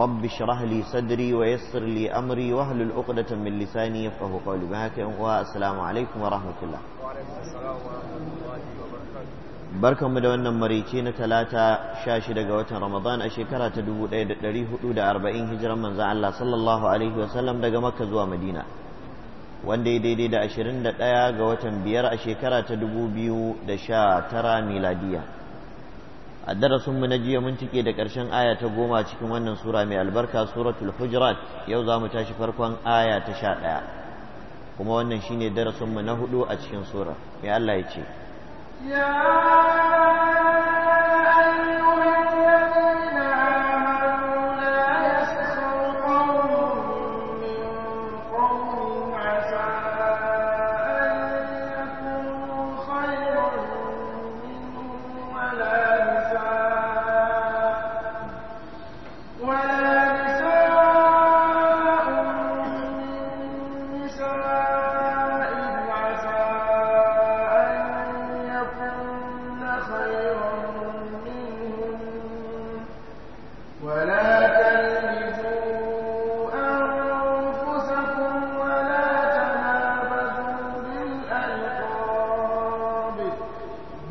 رب اشرح لي صدري ويسر لي امري واحلل عقدة من لساني يفقهوا قولي بهاك السلام عليكم ورحمة الله وعليكم barkanmu da wannan marice na talata sha shida ga watan ramadan a shekara ta dubu ɗaya da ɗari hudu da arba'in hijiran manzan Allah sallallahu alaihi wasallam daga makka zuwa madina wanda ya daidai da ashirin da ɗaya ga watan biyar a shekara ta dubu biyu da sha tara miladiya a darasinmu mu na jiya mun cike da ƙarshen aya ta goma cikin wannan sura mai albarka suratul hujurat yau za mu tashi farkon aya ta sha ɗaya kuma wannan shine darasin mu na hudu a cikin sura mai Allah ya ce ya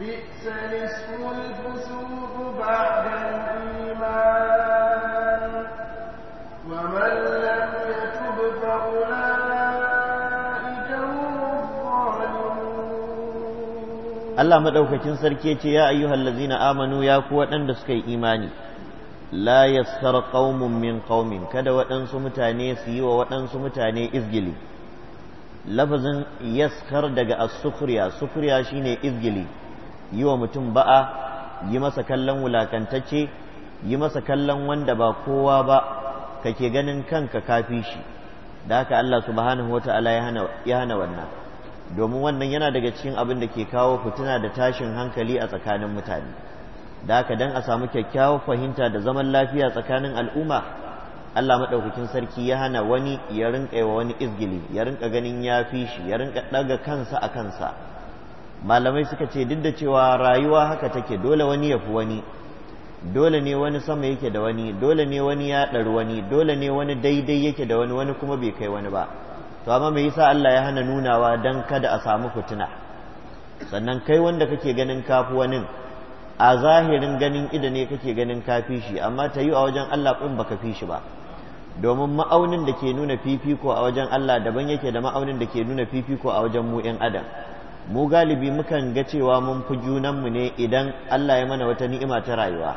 Allah maɗaukacin sarki ce ya ayyuhal lazina amanu ya ku waɗanda suka yi imani la yasar qaumun min qaumin kada waɗansu mutane su yi wa waɗansu mutane izgili lafazin yaskar daga as-sukhriya sukhriya shine izgili yi wa mutum ba'a yi masa kallon wulakantacce yi masa kallon wanda ba kowa ba kake ganin kanka kafi shi da haka Allah subhanahu ala ya hana wannan domin wannan yana daga cikin abin da ke kawo fituna da tashin hankali a tsakanin mutane da haka dan a samu kyakkyawar fahimta da zaman lafiya tsakanin al'umma Allah maɗaukakin sarki ya hana wani ya rinƙa wa wani izgili ya rinƙa ganin ya fi shi ya rinƙa ɗaga kansa a kansa malamai suka ce duk da cewa rayuwa haka take dole wani ya fi wani dole ne wani sama yake da wani dole ne wani ya ɗari wani dole ne wani daidai yake da wani wani kuma bai kai wani ba to amma me yasa Allah ya hana nunawa dan kada a samu fitina sannan kai wanda kake ganin kafi wani a zahirin ganin idane kake ganin kafi shi amma ta yi a wajen Allah kun baka fi shi ba domin ma'aunin da ke nuna fifiko a wajen Allah daban yake da ma'aunin da ke nuna fifiko a wajen mu'in adam mu galibi mukan ga cewa mun fi junanmu ne idan Allah ya mana wata ni'ima ta rayuwa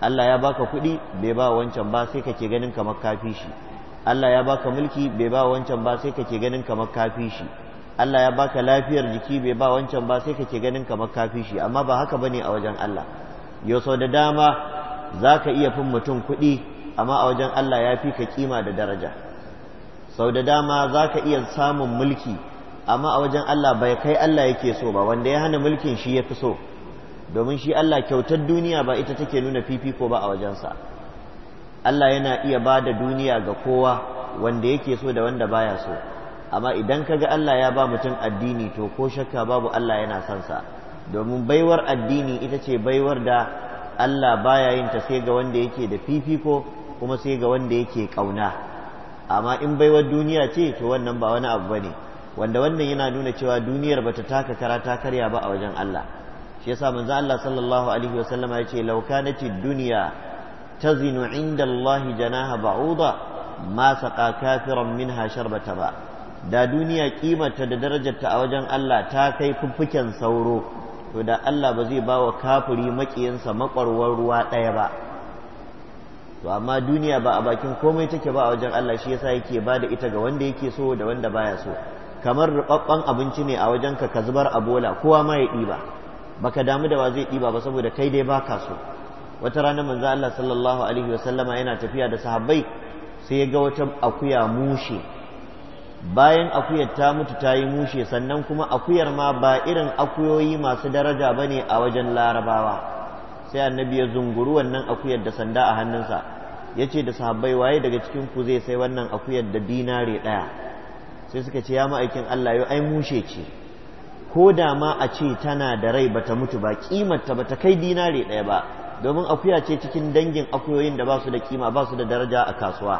Allah ya baka kuɗi bai ba wancan ba sai kake ganin kamar kafi shi Allah ya baka mulki bai ba wancan ba sai kake ganin kamar kafi shi Allah ya baka lafiyar jiki bai ba wancan ba sai kake ganin kamar kafi shi amma ba haka bane a wajen Allah yau da dama za ka iya fin mutum kuɗi amma a wajen Allah ya fi ka kima da daraja sau da dama za ka iya samun mulki amma a wajen Allah bai kai Allah yake so ba wanda ya hana mulkin shi ya fi so domin shi Allah kyautar duniya ba ita take nuna fifiko ba a wajensa Allah yana iya ba da duniya ga kowa wanda yake so da wanda baya so amma idan kaga Allah ya ba mutum addini to ko shakka babu Allah yana son sa domin baiwar addini ita ce baiwar da Allah baya yin ta sai ga wanda yake da fifiko kuma sai ga wanda yake kauna amma in baiwar duniya ce to wannan ba wani abu bane ne wanda wannan yana nuna cewa duniyar bata taka kara ta karya ba a wajen Allah shi yasa manzo Allah sallallahu alaihi wa sallama yace law kanati duniya dunya tazinu inda Allah janaha ba'uda ma saqa kafiran minha sharbata ba da duniya kimarta da darajarta a wajen Allah ta kai fuffuken sauro to da Allah ba zai ba wa kafiri makiyansa makwarwar ruwa ɗaya ba to amma duniya ba a bakin komai take ba a wajen Allah shi yasa yake bada ita ga wanda yake so da wanda baya so kamar rubabban abinci ne a wajen ka ka zubar a bola kowa ma ya ɗiba baka damu da wa zai ɗiba ba saboda kai dai baka so wata ranar manzo Allah sallallahu alaihi wasallama yana tafiya da sahabbai sai ya ga wata akuya mushe bayan akuyar ta mutu ta yi mushe sannan kuma akuyar ma ba irin akuyoyi masu daraja ba ne a wajen larabawa sai annabi ya zunguru wannan akuyar da sanda a hannunsa ya ce da sahabbai waye daga cikin ku zai sai wannan akuyar da dinare ɗaya sai suka ce ya ma'aikin Allah yau ai mushe ce ko da ma a ce tana da rai bata mutu ba kimarta bata kai dinare ɗaya ba domin akuya ce cikin dangin akuyoyin da ba su da kima ba su da daraja a kasuwa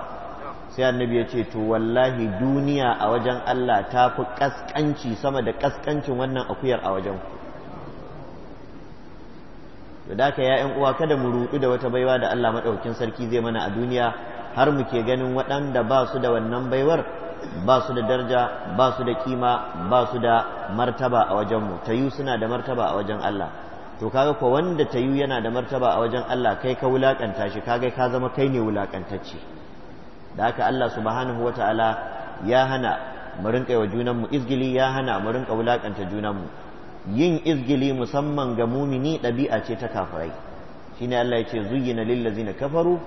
sai annabi ya ce to wallahi duniya a wajen Allah ta fi kaskanci sama da kaskancin wannan akuyar a wajen ku da haka ya uwa kada mu ruɗu da wata baiwa da Allah maɗaukin sarki zai mana a duniya har muke ganin waɗanda ba su da wannan baiwar ba su da daraja ba su da kima ba su da martaba a wajenmu tayu suna da martaba a wajen Allah to kaga ko wanda tayu yana da martaba a wajen Allah kai ka wulakanta shi kaga ka zama kai ne wulakantacce da haka Allah subhanahu wataala ya hana mu rinka wa junanmu izgili ya hana mu rinka wulakanta junanmu yin izgili musamman ga mumini ɗabi'a ce ta kafirai shine Allah ya ce zuyyina lillazina kafaru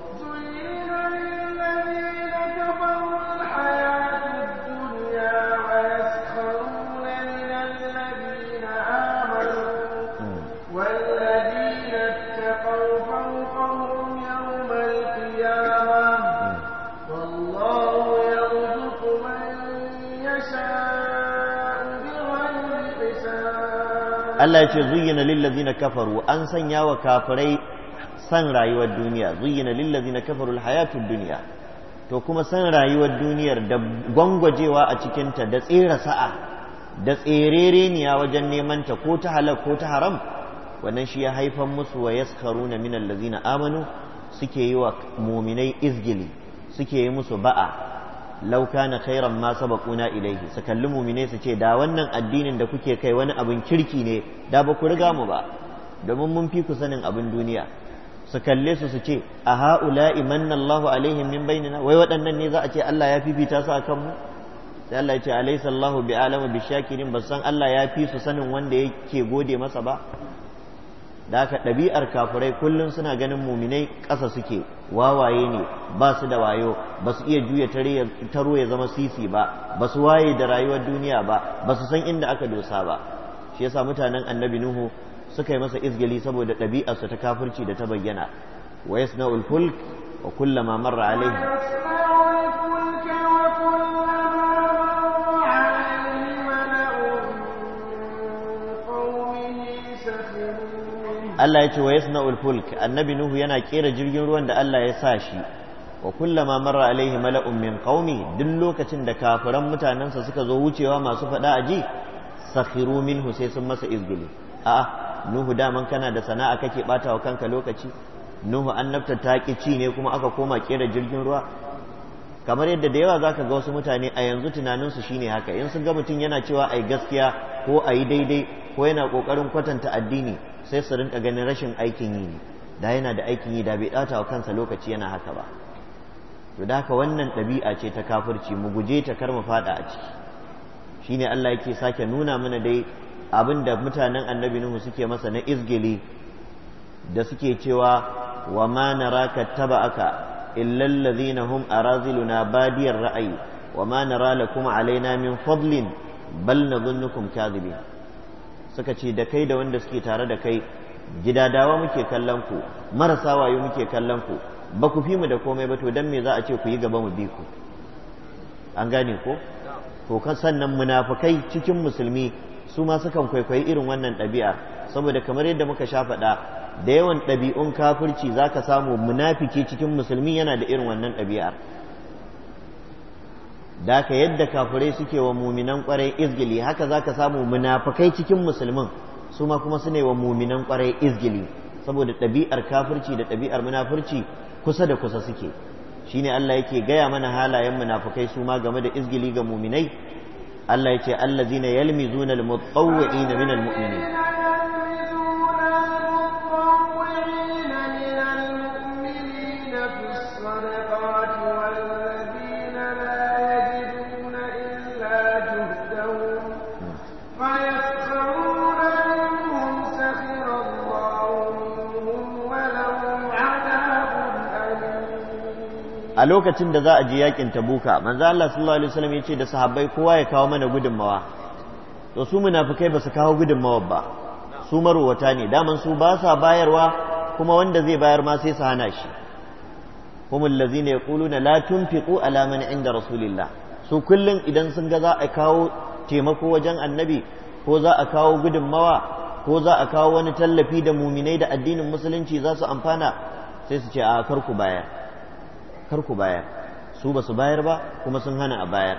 Allah ya ce zuyyina lillazina kafaru an sanya wa kafirai san rayuwar duniya zuyyina na kafaru hayatun duniya. to kuma san rayuwar duniyar da gwangwajewa a cikin ta da tsere sa'a da tserereniya wajen neman ta ko ta halal ko ta haram wannan shi ya haifan musu wa yaskharuna min lazina amanu suke yi wa muminai izgili suke yi musu ba'a Lauka kana khairan ma sabaquna ilaihi su kalli mumine su ce da wannan addinin da kuke kai wani abin kirki ne da ba ku riga mu ba domin mun fi ku sanin abin duniya su kalle su su ce a ha'ula'i manna Allahu alaihim min bainina wai waɗannan ne za a ce Allah ya fifita su akan mu sai Allah ya ce alaysa Allahu bi alama bi shakirin ba san Allah ya fi su sanin wanda yake gode masa ba da haka ɗabi'ar kafirai kullum suna ganin muminai ƙasa suke wawaye ne ba su da wayo ba su iya juya taro ya zama sisi ba ba su waye da rayuwar duniya ba ba su san inda aka dosa ba shi yasa mutanen annabi nuhu suka yi masa izgili saboda ɗabi'arsa ta kafirci da ta bayyana wa yasna'ul fulk wa kullama marra alaihi Allah ya ce wa yasna ulfulk annabi nuhu yana kera jirgin ruwan da Allah ya sa shi wa kullama marra alaihi mala'un min qaumi duk lokacin da kafiran mutanensa suka zo wucewa masu faɗa aji sakhiru minhu sai sun masa izgili a nuhu daman kana da sana'a kake bata wa kanka lokaci nuhu annabta ta ci ne kuma aka koma kera jirgin ruwa kamar yadda da yawa zaka ga wasu mutane a yanzu tunaninsu shine haka in sun ga mutum yana cewa ai gaskiya ko ai daidai ko yana kokarin kwatanta addini sai su rinka ganin rashin aikin yi ne da yana da aikin yi da bai ɗata wa kansa lokaci yana haka ba to da haka wannan ɗabi'a ce ta kafirci mu guje ta kar mu faɗa a ciki shine Allah yake sake nuna mana dai abin da mutanen annabi Nuhu suke masa na izgili da suke cewa wa ma naraka taba'aka illa na hum na badiyar ra'ayi wa ma nara lakum alaina min fadlin bal nadhunnukum kadhibin suka ce da kai da wanda suke tare da kai gida dawa muke kallon ku marasa wayo muke kallon ku ba ku fi mu da komai ba to dan me za a ce ku yi gaba mu bi ku an gane ko to sannan munafukai cikin musulmi su ma sukan kwaikwayi irin wannan ɗabi'a saboda kamar yadda muka sha faɗa da yawan ɗabi'un kafirci zaka samu munafiki cikin musulmi yana da irin wannan ɗabi'ar da ka yadda kafirai suke wa muminan kwarai izgili haka za ka samu munafukai cikin musulmin su ma kuma su ne wa muminan kwarai izgili saboda ɗabi'ar kafirci da ɗabi'ar munafurci kusa da kusa suke Shi ne Allah yake gaya mana halayen munafukai su ma game da izgili ga muminai Allah yake allazina yalmizuna al na min muminin a lokacin da za a je yakin tabuka manzo Allah sallallahu alaihi wasallam yace da sahabbai kowa ya kawo mana gudunmawa to su munafikai ba su kawo gudunmawa ba su marowata ne daman su ba sa bayarwa kuma wanda zai bayar ma sai su hana shi ya allazina yaquluna la tunfiqu ala man inda rasulillah su kullun idan sun ga za a kawo taimako wajen annabi ko za a kawo gudunmawa ko za a kawo wani tallafi da muminai da addinin musulunci za su amfana sai su ce a karku bayar kar ku bayar su ba su bayar ba kuma sun hana a bayar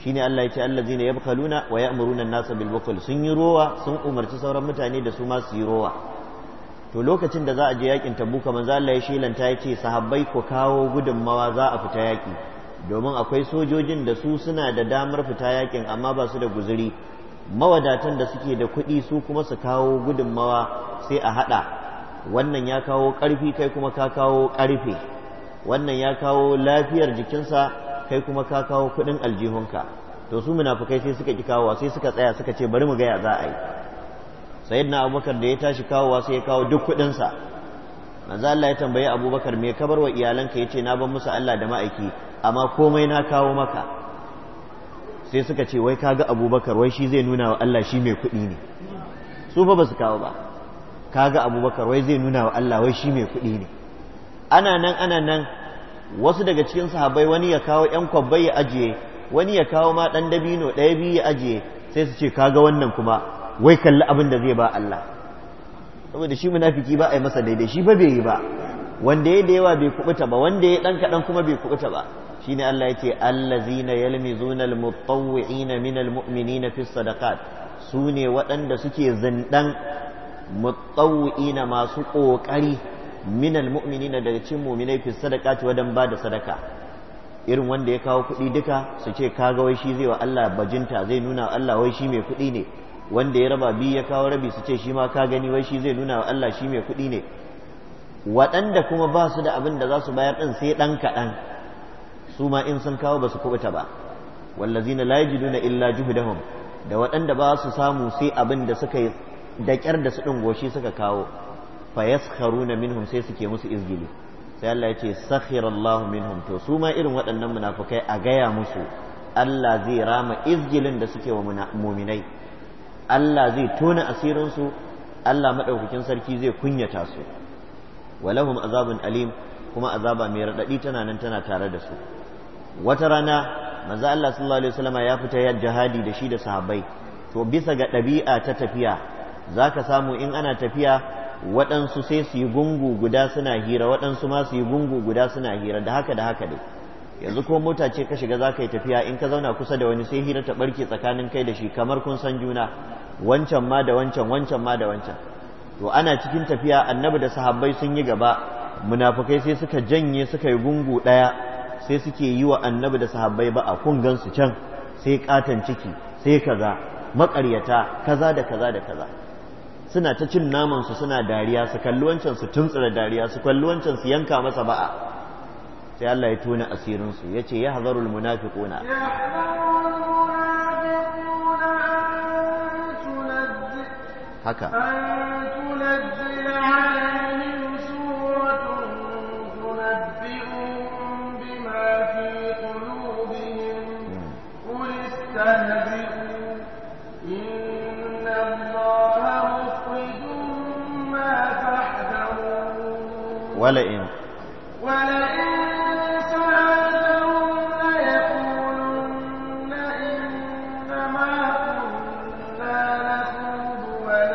shi ne Allah ya ce zina Kaluna wa ya an-nasa bilbukul sun yi rowa sun umarci sauran mutane da su ma su yi rowa to lokacin da za a je yakin kamar za Allah ya shilanta ya ce sahabbai ku kawo gudunmawa za a fita yaki domin akwai sojojin da su suna da damar fita yakin amma ba su da guzuri mawadatan da suke da kuɗi su kuma su kawo gudunmawa sai a haɗa wannan ya kawo ƙarfi kai kuma ka kawo ƙarfe wannan ya kawo lafiyar jikinsa kai kuma ka kawo kuɗin aljihunka to su munafukai sai suka ki kawowa sai suka tsaya suka ce bari mu gaya za a yi sayyidina abubakar da ya tashi kawowa sai ya kawo duk kuɗinsa manzo Allah ya tambayi abubakar me kabar wa iyalanka yace na ban musu Allah da ma'aiki amma komai na kawo maka sai suka ce wai kaga abubakar wai shi zai nuna wa Allah shi mai kuɗi ne su fa ba su kawo ba kaga abubakar wai zai nuna wa Allah wai shi mai kuɗi ne ana nan ana nan wasu daga cikin sahabbai wani ya kawo yan kwabbai ya ajiye wani ya kawo ma ɗan dabino ɗaya biyu ya ajiye sai su ce kaga wannan kuma wai kalli abin da zai ba Allah saboda shi munafiki ba a yi masa daidai shi ba bai yi ba wanda ya da yawa bai kubuta ba wanda ya dan kaɗan kuma bai kubuta ba shine Allah yace allazina yalmizuna almutawwi'ina min almu'minina fi sadaqat sune waɗanda suke zindan mutawwi'ina masu ƙoƙari. minal mu'minina daga cikin mu'minai fi sadaqati wa ba da sadaka irin wanda ya kawo kuɗi duka su ce kaga wai shi zai wa Allah bajinta zai nuna wa Allah wai shi mai kuɗi ne wanda ya raba biyu ya kawo rabi su ce shi ma ka gani wai shi zai nuna wa Allah shi mai kuɗi ne waɗanda kuma ba su da abin da za su bayar ɗin sai ɗan kaɗan su ma in sun kawo ba su kuɓuta ba wallazina la yajiduna illa juhdahum da waɗanda ba su samu sai abin da suka yi da kyar da su ɗin goshi suka kawo fayaskharuna minhum sai suke musu izgili sai Allah ya ce sakhirallahu minhum to su ma irin waɗannan munafukai a gaya musu Allah zai rama izgilin da suke wa muminai Allah zai tona asirin su Allah madaukakin sarki zai kunyata su walahum azabun alim kuma azaba mai radadi tana nan tana tare da su wata rana manzo Allah sallallahu alaihi wasallam ya fita ya jihadi da shi da sahabbai to bisa ga ɗabi'a ta tafiya zaka samu in ana tafiya waɗansu sai su yi gungu guda suna hira waɗansu ma su yi gungu guda suna hira da haka da haka dai yanzu ko mota ce ka shiga za ka yi tafiya in ka zauna kusa da wani sai hira ta ɓarke tsakanin kai da shi kamar kun san juna wancan ma da wancan wancan ma da wancan to ana cikin tafiya annabi da sahabbai sun yi gaba munafukai sai suka janye suka yi gungu ɗaya sai suke yi wa annabi da sahabbai ba a kun gansu can sai katan ciki sai kaza maƙaryata kaza da kaza da kaza suna ta cin namansu suna dariya su kalli wancan su tuntsura dariya su kalli wancan su yanka masa ba'a sai Allah ya tona asirin su yace ya hazarul munafiquna haka ولئن ولئن إنما كنا قل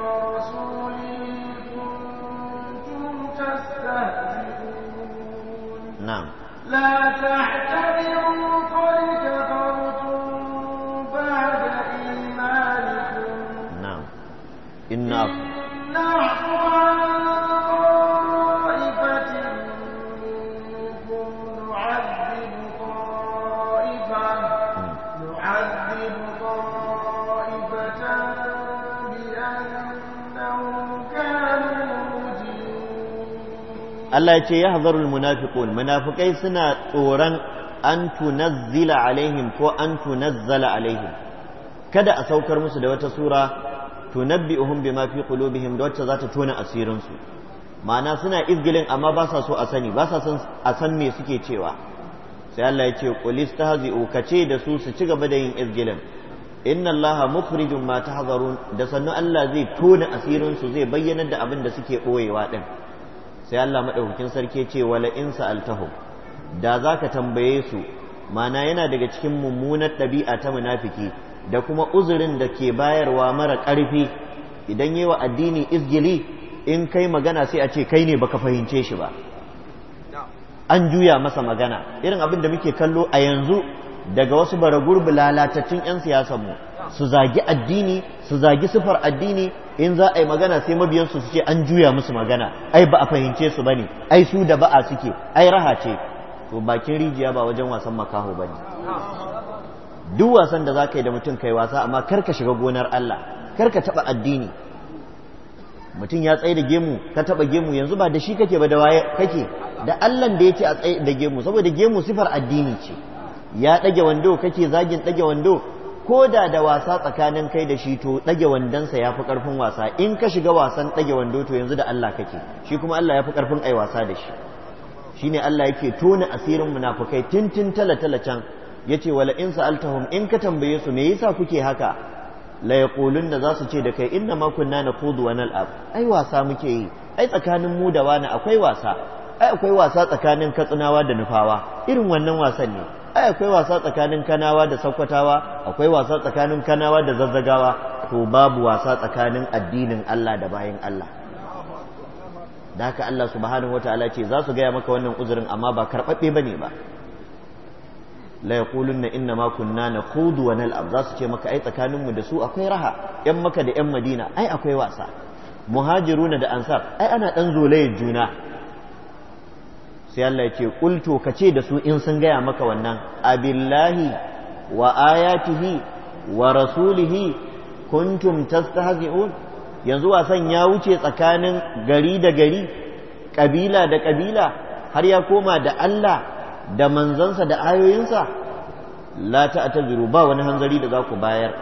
ورسوله كنتم تستهزئون نعم لا تحت Allah ya ce ya hazaru munafiqun munafikai suna tsoron an tunazzila alaihim ko an tunazzala alaihim kada a saukar musu da wata sura tunabbi'uhum bima fi qulubihim da wacce zata tona asirin su ma'ana suna izgilin amma ba sa so a sani ba sa san a san me suke cewa sai Allah ya ce qul istahzi'u kace da su su ci gaba da yin izgilin inna allaha mukhrijum ma tahzarun da sannu Allah zai tona asirin su zai bayyana da abin da suke boyewa din sai Allah madaukakin sarki ce wala in sa'altahum da zaka tambaye su mana yana daga cikin mummunar ɗabi'a ta munafiki da kuma uzurin da ke bayarwa mara ƙarfi idan yi wa addini izgili in kai magana sai a ce kai ne baka fahimce shi ba an juya masa magana irin abin da muke kallo a yanzu daga wasu bara gurbi lalatattun 'yan siyasanmu su zagi addini su zagi sifar addini in za a yi magana sai mabiyansu su ce an juya musu magana ai ba a fahimce su bane ai su da ba'a suke ai raha ce to bakin rijiya ba wajen wasan makaho bane duk wasan da za da mutum kai wasa amma kar ka shiga gonar Allah kar ka taɓa addini mutum ya tsaye da gemu ka taɓa gemu yanzu ba da shi kake ba da waye kake da Allah da yake a tsaye da gemu saboda gemu sifar addini ce ya ɗage wando kake zagin ɗage wando ko da da wasa tsakanin kai da shi to ɗage wandonsa ya fi ƙarfin wasa in ka shiga wasan ɗage wando to yanzu da Allah kake shi kuma Allah ya fi ƙarfin ai wasa da shi shi ne Allah yake tona asirin munafukai tintin tala-tala can ya ce wala in sa'altahum in ka tambaye su me yasa kuke haka la yaqulun da za su ce da kai inna ma kunna naqudu wa nal'ab ai wasa muke yi ai tsakanin mu da wani akwai wasa ai akwai wasa tsakanin katsinawa da nufawa irin wannan wasan ne ai akwai wasa tsakanin kanawa da Sakwatawa akwai wasa tsakanin kanawa da zazzagawa to babu wasa tsakanin addinin Allah da bayin Allah da haka Allah subhanahu wataala ce za su gaya maka wannan uzurin amma ba karɓaɓɓe bane ba la yaqulunna inna ma kunna nakhudu wa nal'ab za su ce maka ai tsakaninmu da su akwai raha yan maka da yan madina ai akwai wasa muhajiruna da ansar ai ana dan zolayin juna sai Allah ya ce kulto ka ce da su in sun gaya maka wannan abillahi wa ayatihi wa rasulihi kuntum tastahzi'un yanzu wasan ya wuce tsakanin gari da gari kabila da kabila har ya koma da Allah da manzansa da ayoyinsa la ta'tadiru ba wani hanzari da za ku bayar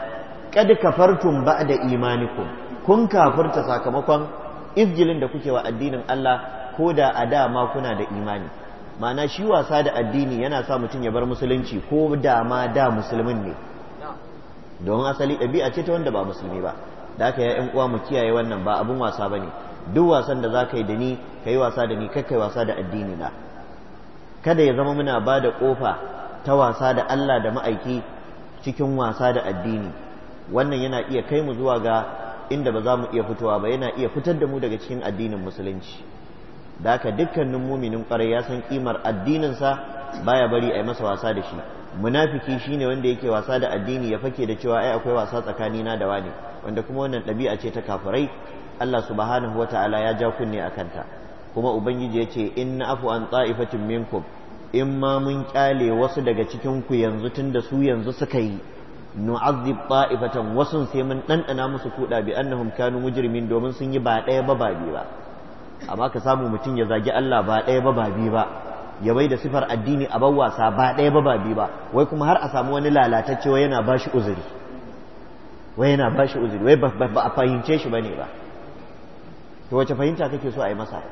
kad kafartum ba'da imanikum kun kafirta sakamakon izjilin da kuke wa addinin Allah ko da a dama kuna da imani ma'ana shi wasa da addini yana sa mutum ya bar musulunci ko da ma da musulmin ne don asali ɗabi'a ce ta wanda ba musulmi ba da aka yi uwa mu kiyaye wannan ba abin wasa ba ne duk wasan da za ka yi da ni ka yi wasa da ni kai wasa da addini na kada ya zama muna ba da ƙofa ta wasa da Allah da ma'aiki cikin wasa da addini wannan yana iya kai mu zuwa ga inda ba za mu iya fitowa ba yana iya fitar da mu daga cikin addinin musulunci da haka dukkanin muminin ƙwarai ya san kimar addininsa baya bari a yi masa wasa da shi munafiki shine wanda yake wasa da addini ya fake da cewa ai akwai wasa tsakanina da wani wanda kuma wannan ɗabi'a ce ta kafirai Allah subhanahu ta'ala ya ja kunne a kanta kuma ubangiji ya ce in na afu an ta'ifatin minkum in ma mun kyale wasu daga cikin ku yanzu da su yanzu suka yi nu'azzib ta'ifatan wasu sai mun ɗanɗana musu kuɗa bi annahum kanu mujrimin domin sun yi ba ɗaya ba ba biyu ba amma ka samu mutum ya zagi Allah ba ɗaya ba ba biyu ba ya bai da sifar addini a wasa ba ɗaya ba ba biyu ba wai kuma har a samu wani lalatacce wai yana bashi uzuri wai yana bashi uzuri wai ba a fahimce shi bane ba to wace fahimta kake so a yi masa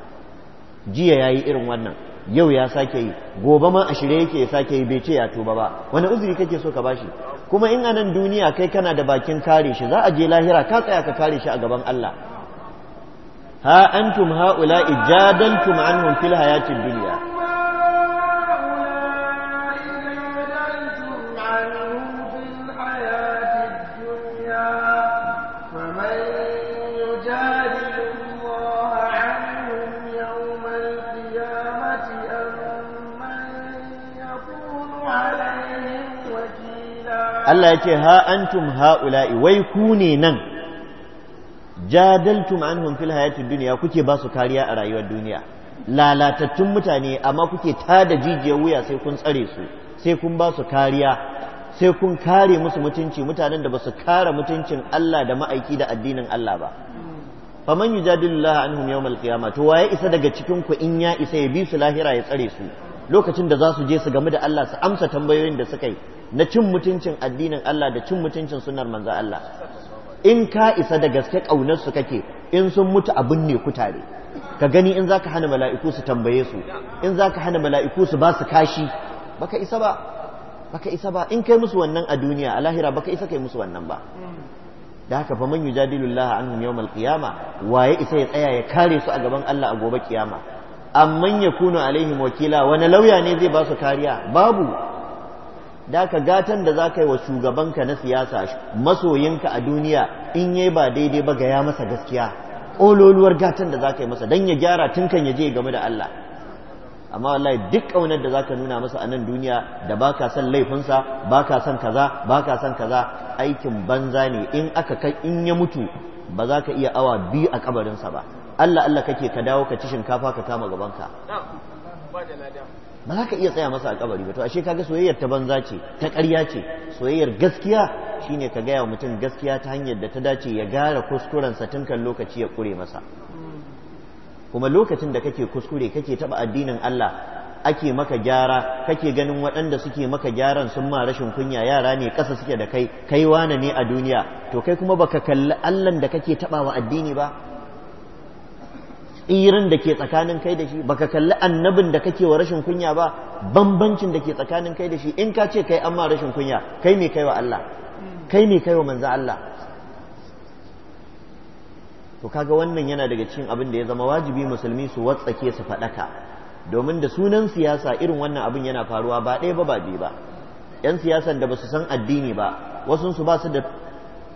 jiya ya yi irin wannan yau ya sake yi gobe ma a shirye yake ya sake yi bai ce ya tuba ba wani uzuri kake so ka bashi kuma in anan duniya kai kana da bakin kare shi za a je lahira ka tsaya ka kare shi a gaban Allah ها أنتم هؤلاء جادلتم عنهم في الحياة الدنيا Allah ya ce ha antum ha'ula'i wai ku ne nan jadaltum anhum fil hayatid dunya kuke ba su kariya a rayuwar duniya lalatattun mutane amma kuke tada jijiyar wuya sai kun tsare su sai kun ba su kariya sai kun kare musu mutunci mutanen da ba su kare mutuncin Allah da ma'aiki da addinin Allah ba faman yujadilullah anhum yawmal qiyamah to waye isa daga cikin ku in ya isa ya bi su lahira ya tsare su lokacin da za su je su game da Allah su amsa tambayoyin da suka yi na cin mutuncin addinin Allah da cin mutuncin sunnar manzo Allah in ka isa da gaske ƙaunarsu kake in sun mutu abin ne ku tare ka gani in za ka hana mala'iku su tambaye su in za ka hana mala'iku su ba su kashi baka isa ba baka isa ba in kai musu wannan a duniya a lahira baka isa kai musu wannan ba da haka fa man yujadilu Allah anhum yawmal qiyama waye isa ya tsaya ya kare su a gaban Allah a gobe kiyama amman yakunu alaihim wakila wani lauya ne zai ba su kariya babu da ka gatan da za ka yi wa shugabanka na siyasa masoyinka a duniya in yai ba daidai ba ga ya masa gaskiya Ololuwar gatan da za ka yi masa don ya gyara tun kan ya je game da Allah amma wallahi duk ƙaunar da za ka nuna masa a nan duniya da ba ka son laifinsa ba ka son kaza ba ka son kaza aikin banza ne in aka kai in ya mutu ba za ka iya awa biyu a kabarinsa ba Allah Allah kake ka dawo ka ci shinkafa ka kama gabanka ba za ka iya tsaya masa a kabari ba to ashe kaga soyayyar ta banza ce ta ƙarya ce soyayyar gaskiya shine ka gaya wa mutum gaskiya ta hanyar da ta dace ya gara kuskurensa tun kan lokaci ya ƙure masa kuma lokacin da kake kuskure kake taɓa addinin Allah ake maka gyara kake ganin waɗanda suke maka gyaran sun ma rashin kunya yara ne ƙasa suke da kai kai wane ne a duniya to kai kuma baka kalli Allah da kake taɓa wa addini ba tsirin da ke tsakanin kai da shi baka kalli annabin da kake wa rashin kunya ba bambancin da ke tsakanin kai da shi in ka ce kai an ma rashin kunya kai me kai wa Allah kai me kai wa manzo Allah to kaga wannan yana daga cikin abin da ya zama wajibi musulmi su watsake su faɗaka domin da sunan siyasa irin wannan abin yana faruwa ba ɗaya ba ba biyu ba yan siyasan da ba su san addini ba wasu su ba su da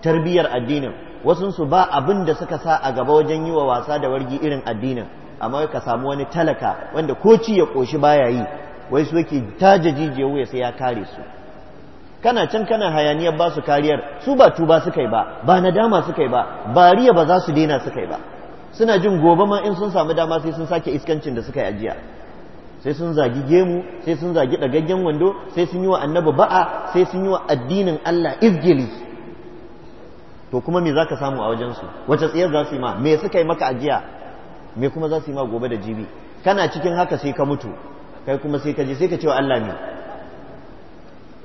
tarbiyyar addinin wasunsu ba abin da suka sa a gaba wajen yi wa wasa da wargi irin addinin amma ka samu wani talaka wanda ko ci ya ƙoshi baya yi wai su yake taja jijiya sai ya kare su kana can kana hayaniyar ba su kariyar su ba tuba suka yi ba ba nadama suka yi ba bariya ba za su daina suka yi ba suna jin gobe ma in sun samu dama sai sun sake iskancin da suka yi ajiya sai sun zagi gemu sai sun zagi ɗagaggen wando sai sun yi wa annabi ba'a sai sun yi wa addinin Allah izgili to kuma me zaka samu a wajensu wace tsiyar za su yi ma me suka yi maka ajiya me kuma za su yi ma gobe da jibi kana cikin haka sai ka mutu kai kuma sai ka je sai ka cewa Allah ne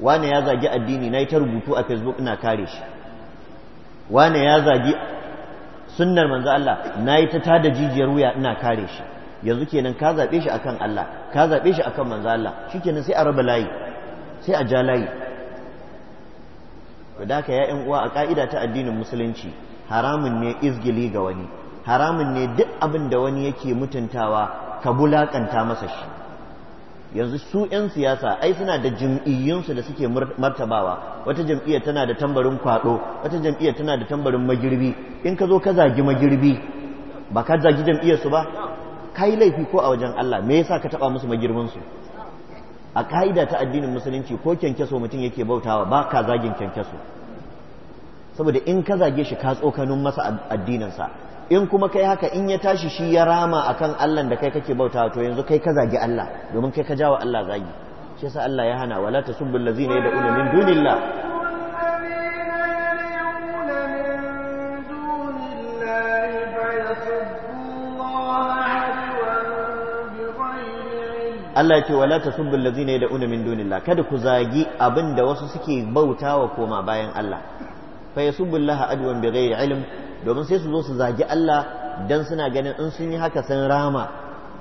wane ya zagi addini na yi ta rubutu a facebook ina kare shi wane ya zagi sunnar manzo Allah na yi ta tada jijiyar wuya ina kare shi yanzu kenan ka zaɓe shi akan Allah ka zaɓe shi akan manzo Allah shikenan sai a raba layi sai a ja layi to ya'yan uwa a ka'ida ta addinin musulunci haramun ne izgili ga wani haramun ne duk abin da wani yake mutuntawa ka bulakanta masa shi yanzu su 'yan siyasa ai suna da jam'iyyunsu da suke martabawa wata jam'iyya tana da tambarin kwado wata jam'iyya tana da tambarin magirbi in ka zo ka zagi magirbi ba ka zagi jam'iyyarsu ba ka yi laifi ko a wajen Allah me yasa ka taɓa musu magirbinsu a ƙa'ida ta addinin musulunci ko kyankyaso mutum yake bautawa ba ka zagin kyankyaso saboda in ka zage shi ka tsokanin masa addininsa in kuma kai haka in ya tashi shi ya rama akan Allah da kai kake bautawa to yanzu kai ka zagi Allah domin kai ka jawa Allah zagi shi yasa Allah ya hana wala tasubbu allazina yad'una min dunillah Allah ya ce wala tasubbu allazina yad'una min dunillah kada ku zagi abin da wasu suke bautawa koma bayan Allah fa yasubbu Allah adwan bighairi ilm domin sai su zo su zagi Allah dan suna ganin in sun yi haka sun rama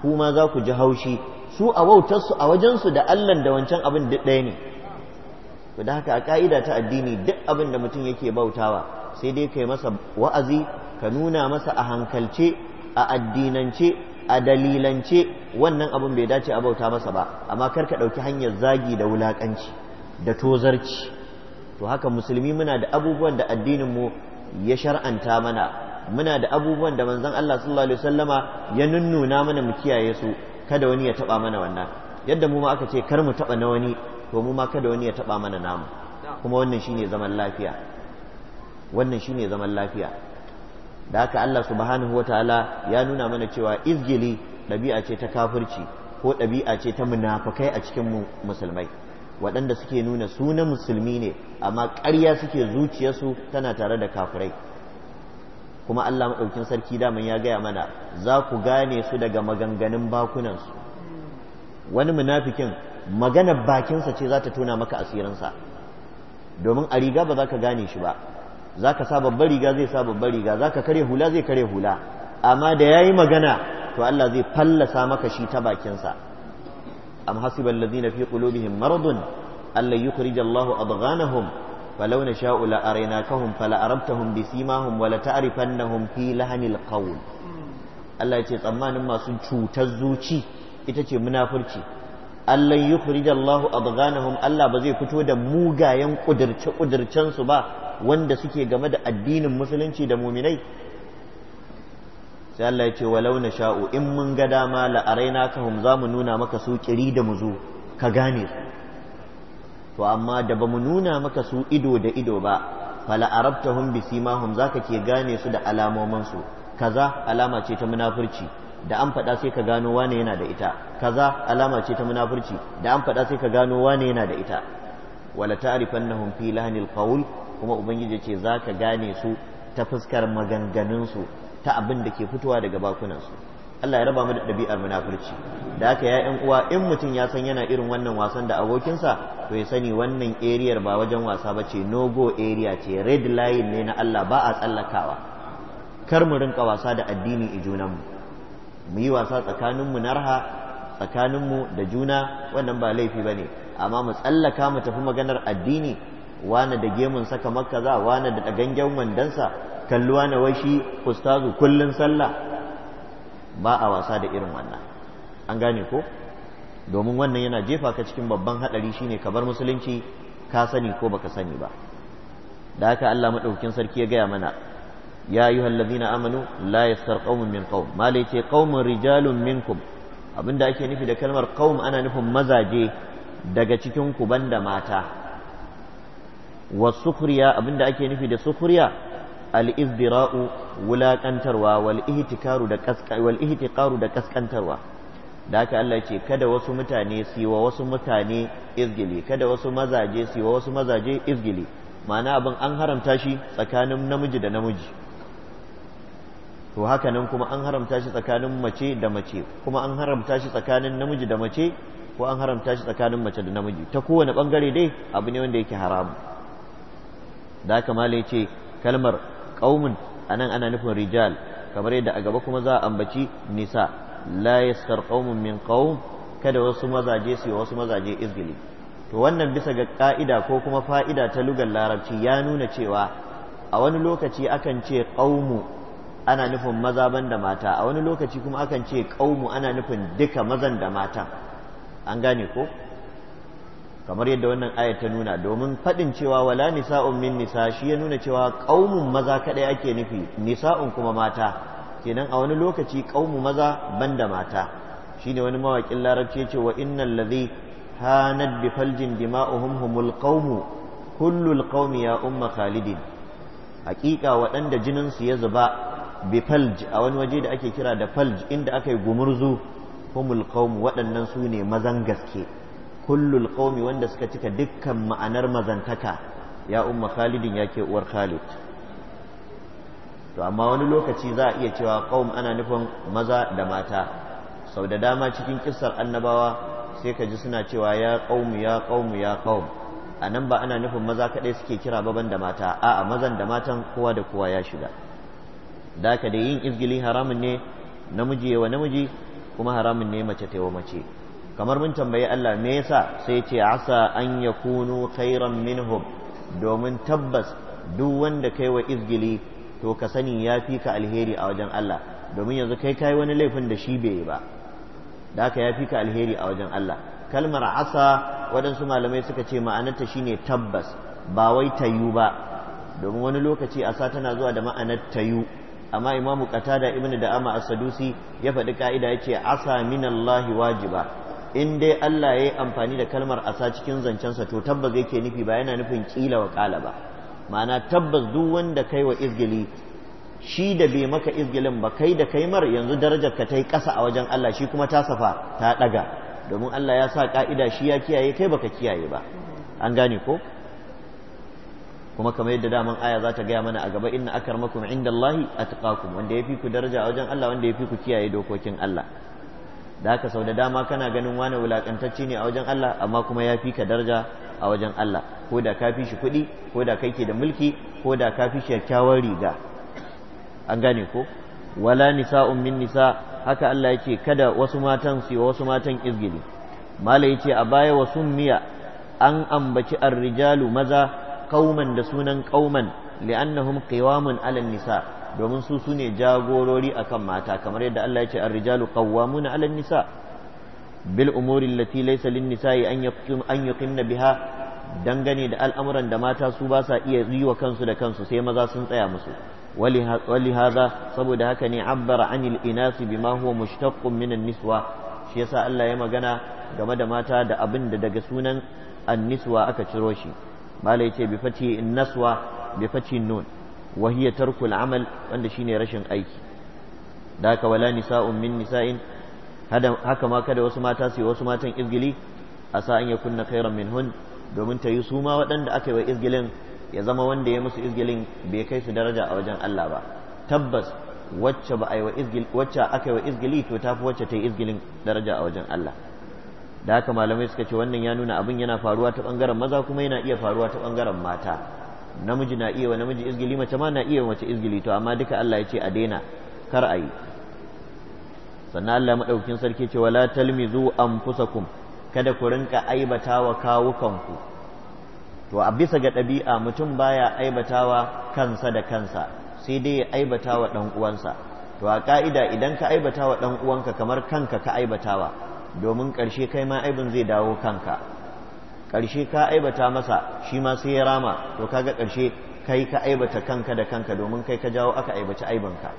kuma za ku ji haushi su a wautar su a wajen su da Allah da wancan abin duk ɗaya ne to da haka a ka'ida ta addini duk abin da mutum yake bautawa sai dai kai masa wa'azi ka nuna masa a hankalce a addinance a dalilance wannan abin bai dace a bauta masa ba amma kar ka ɗauki hanyar zagi da wulaƙanci da tozarci to haka musulmi muna da abubuwan da addininmu ya shar'anta mana muna da abubuwan da manzon Allah sallallahu alaihi wasallama ya nunnuna mana mu kiyaye su kada wani ya taba mana wannan yadda mu ma aka ce kar mu taba na wani to mu ma kada wani ya taba mana namu kuma wannan shine zaman zaman lafiya da haka Allah subhanahu ta'ala ya nuna mana cewa izgili ɗabi'a ce ta kafirci ko ɗabi'a ce ta munafukai a cikin musulmai waɗanda suke nuna sunan musulmi ne amma ƙarya suke zuciyarsu tana tare da kafirai kuma Allah maɗaukin sarki daman ya gaya mana za ku gane su daga maganganun bakunansu wani munafikin maganar bakinsa ce za ta tona maka asirinsa domin a riga ba za ka gane shi ba zaka sa babbar riga zai sa babbar riga ka kare hula zai kare hula amma da ya yi magana to Allah zai fallasa maka shi ta bakinsa am hasibal ladina fi qulubihim maradun alla yukhrijallahu adghanahum falau nasha'u la araynakahum fala arabtahum bisimahum wala ta'rifannahum fi lahanil qawl Allah ya ce tsammanin masu cutar zuci ita ce munafurci Allah yukhrijallahu adghanahum Allah ba zai fito da mugayen kudirce kudircen su ba wanda suke game da addinin musulunci da muminai sai Allah ya ce walau na sha'u in mun ga dama la araina ka hum zamu nuna maka su kiri da muzu ka gane su to amma da ba mu nuna maka su ido da ido ba fala arabtahum bisimahum zaka ke gane su da alamomin su kaza alama ce ta munafurci da an faɗa sai ka gano wane yana da ita kaza alama ce ta munafurci da an faɗa sai ka gano wane yana da ita wala ta'rifannahum fi lahnil qawl kuma ubangiji ce zaka gane su ta fuskar maganganun su ta abin da ke fitowa daga bakunan su Allah ya raba mu da dabi'ar munafurci da haka ya ƴan uwa in mutum ya san yana irin wannan wasan da abokinsa to ya sani wannan eriyar ba wajen wasa ba ce no go area ce red line ne na Allah ba a tsallakawa kar mu rinka wasa da addini i mu mu yi wasa tsakaninmu na raha tsakaninmu da juna wannan ba laifi ba ne amma mu tsallaka mu tafi maganar addini wane da gemun saka makaza wane da ɗagangen wandansa kalluwa na washi ustazu kullun sallah ba a wasa da irin wannan an gane ko domin wannan yana jefa ka cikin babban haɗari shine ka bar musulunci ka sani ko ba ka sani ba da haka Allah maɗaukin sarki ya gaya mana ya ayyuha allazina amanu la yastar qaumun min qaum malai ce qaumun rijalun abin abinda ake nufi da kalmar qaum ana nufin mazaje daga cikin ku banda mata wa sukhriya abinda ake nufi da sukhriya al izdira'u wulakantarwa wal ihtikaru da kaska wal ihtiqaru da kaskantarwa da haka Allah ce kada wasu mutane su wa wasu mutane izgili kada wasu mazaje su wa wasu mazaje izgili ma'ana abin an haramta shi tsakanin namiji da namiji to haka nan kuma an haramta shi tsakanin mace da mace kuma an haramta shi tsakanin namiji da mace ko an haramta shi tsakanin mace da namiji ta kowane bangare dai abu ne wanda yake haramu da haka ya ce kalmar a anan ana nufin rijal kamar yadda a gaba kuma za a ambaci nisa la yaskar qaumun min ƙaum kada wasu mazaje su wasu mazaje izgili to wannan bisa ga ƙa'ida ko kuma fa'ida ta lugar larabci ya nuna cewa a wani lokaci akan ce ƙaumu ana nufin maza ban da mata a wani lokaci kuma akan ce ƙaumu ana nufin duka mazan da mata. an gane ko kamar yadda wannan ayat ta nuna domin faɗin cewa wala nisa'un min nisa shi ya nuna cewa ƙaumun maza kaɗai ake nufi nisa'un kuma mata kenan a wani lokaci ƙaumu maza ban da mata shine wani mawakin larabci ya ce wa innal ladhi hanad bi faljin dima'uhum humul qaumu kullul qaumi ya umma khalidin haƙiƙa waɗanda su ya zuba bi falj a wani waje da ake kira da falj inda aka yi gumurzu humul qawmu waɗannan su ne mazan gaske kullul qawmi wanda suka cika dukkan ma'anar mazantaka ya umma khalidin yake uwar khalid to amma wani lokaci za a iya cewa qaum ana nufin maza da mata sau da dama cikin kissar annabawa sai ka ji suna cewa ya qaum ya qaum ya qaum a nan ba ana nufin maza kaɗai suke kira ba banda mata a'a mazan da matan kowa da kowa ya shiga da haka da yin izgili haramun ne namiji wa namiji kuma haramun ne mace ta mace kamar mun tambayi Allah me yasa sai ce asa an yakunu khairan minhum domin tabbas duk wanda kai wa izgili to ka sani ya fi ka alheri a wajen Allah domin yanzu kai kai wani laifin da shi bai ba da haka ya fi ka alheri a wajen Allah kalmar asa waɗansu malamai suka ce ma'anarta ne tabbas ba wai tayu ba domin wani lokaci asa tana zuwa da ma'anar tayu amma imamu qatada ibnu da as-sadusi ya faɗi ka'ida yace asa minallahi wajiba in dai Allah ya yi amfani da kalmar asa cikin zancensa to tabbas yake nufi ba yana nufin kila wa kala ba ma'ana tabbas duk wanda kai wa izgili shi da bai maka izgilin ba kai da kai kaimar yanzu darajar ka ta yi ƙasa a wajen Allah shi kuma ta safa ta ɗaga domin Allah ya sa ƙa'ida shi ya kiyaye kai baka kiyaye ba an gane ko kuma kamar yadda daman aya za ta gaya mana a gaba inna akarmakum indallahi atqakum wanda yafi ku daraja a wajen Allah wanda yafi ku kiyaye dokokin Allah da haka sau da dama kana ganin wani wulakantacci ne a wajen Allah amma kuma yafi ka daraja a wajen Allah ko da ka fi shi kuɗi ko da kai ke da mulki ko da ka fi shi riga an gane ko wala nisa'un min nisa haka Allah yake kada wasu matan su wasu matan izgili mala yace a baya wa miya an ambaci ar-rijalu maza kauman da sunan kauman li'annahum qiwamun 'alan nisa domin su sune jagorori akan mata kamar yadda Allah ya ce ar-rijalu qawwamuna 'alan nisa bil umuri allati laysa lin nisa'i an yaqim an yuqimna biha dangane da al'amuran da mata su ba sa iya yi wa kansu da kansu sai maza sun tsaya musu hada saboda haka ne abbara anil inasi bima huwa mushtaqqun min niswa shi yasa Allah ya magana game da mata da abin da daga sunan anniswa aka ciro shi mala ce bi fati in naswa bi fati nun wa hiya tarku al-amal wanda shine rashin aiki da ka wala nisa'un min nisa'in haka ma kada wasu mata su yi wasu matan izgili a sa an yakunna khairan minhun domin ta yi su ma waɗanda aka yi wa izgilin ya zama wanda ya musu izgilin bai kai su daraja a wajen Allah ba tabbas wacce ba a yi wa wacce aka yi wa izgili to tafi wacce ta yi izgilin daraja a wajen Allah da haka malamai suka ce wannan ya nuna abin yana faruwa ta bangaren maza kuma yana iya faruwa ta bangaren mata namiji na iya wa namiji izgili mace ma na iya mace izgili to amma duka Allah ya ce a daina kar a yi sannan Allah maɗaukin sarki ce wala talmizu anfusakum kada ku rinka aibatawa kawukanku to a bisa ga ɗabi'a mutum baya aibatawa kansa da kansa sai dai ya aibatawa dan uwansa to a ka'ida idan ka aibatawa dan uwanka kamar kanka ka aibatawa domin ƙarshe kai ma aibin zai dawo kanka ƙarshe ka aibata masa shi ma sai ya rama to kaga ƙarshe kai ka aibata kanka da kanka domin kai ka jawo aka aibaci aibinka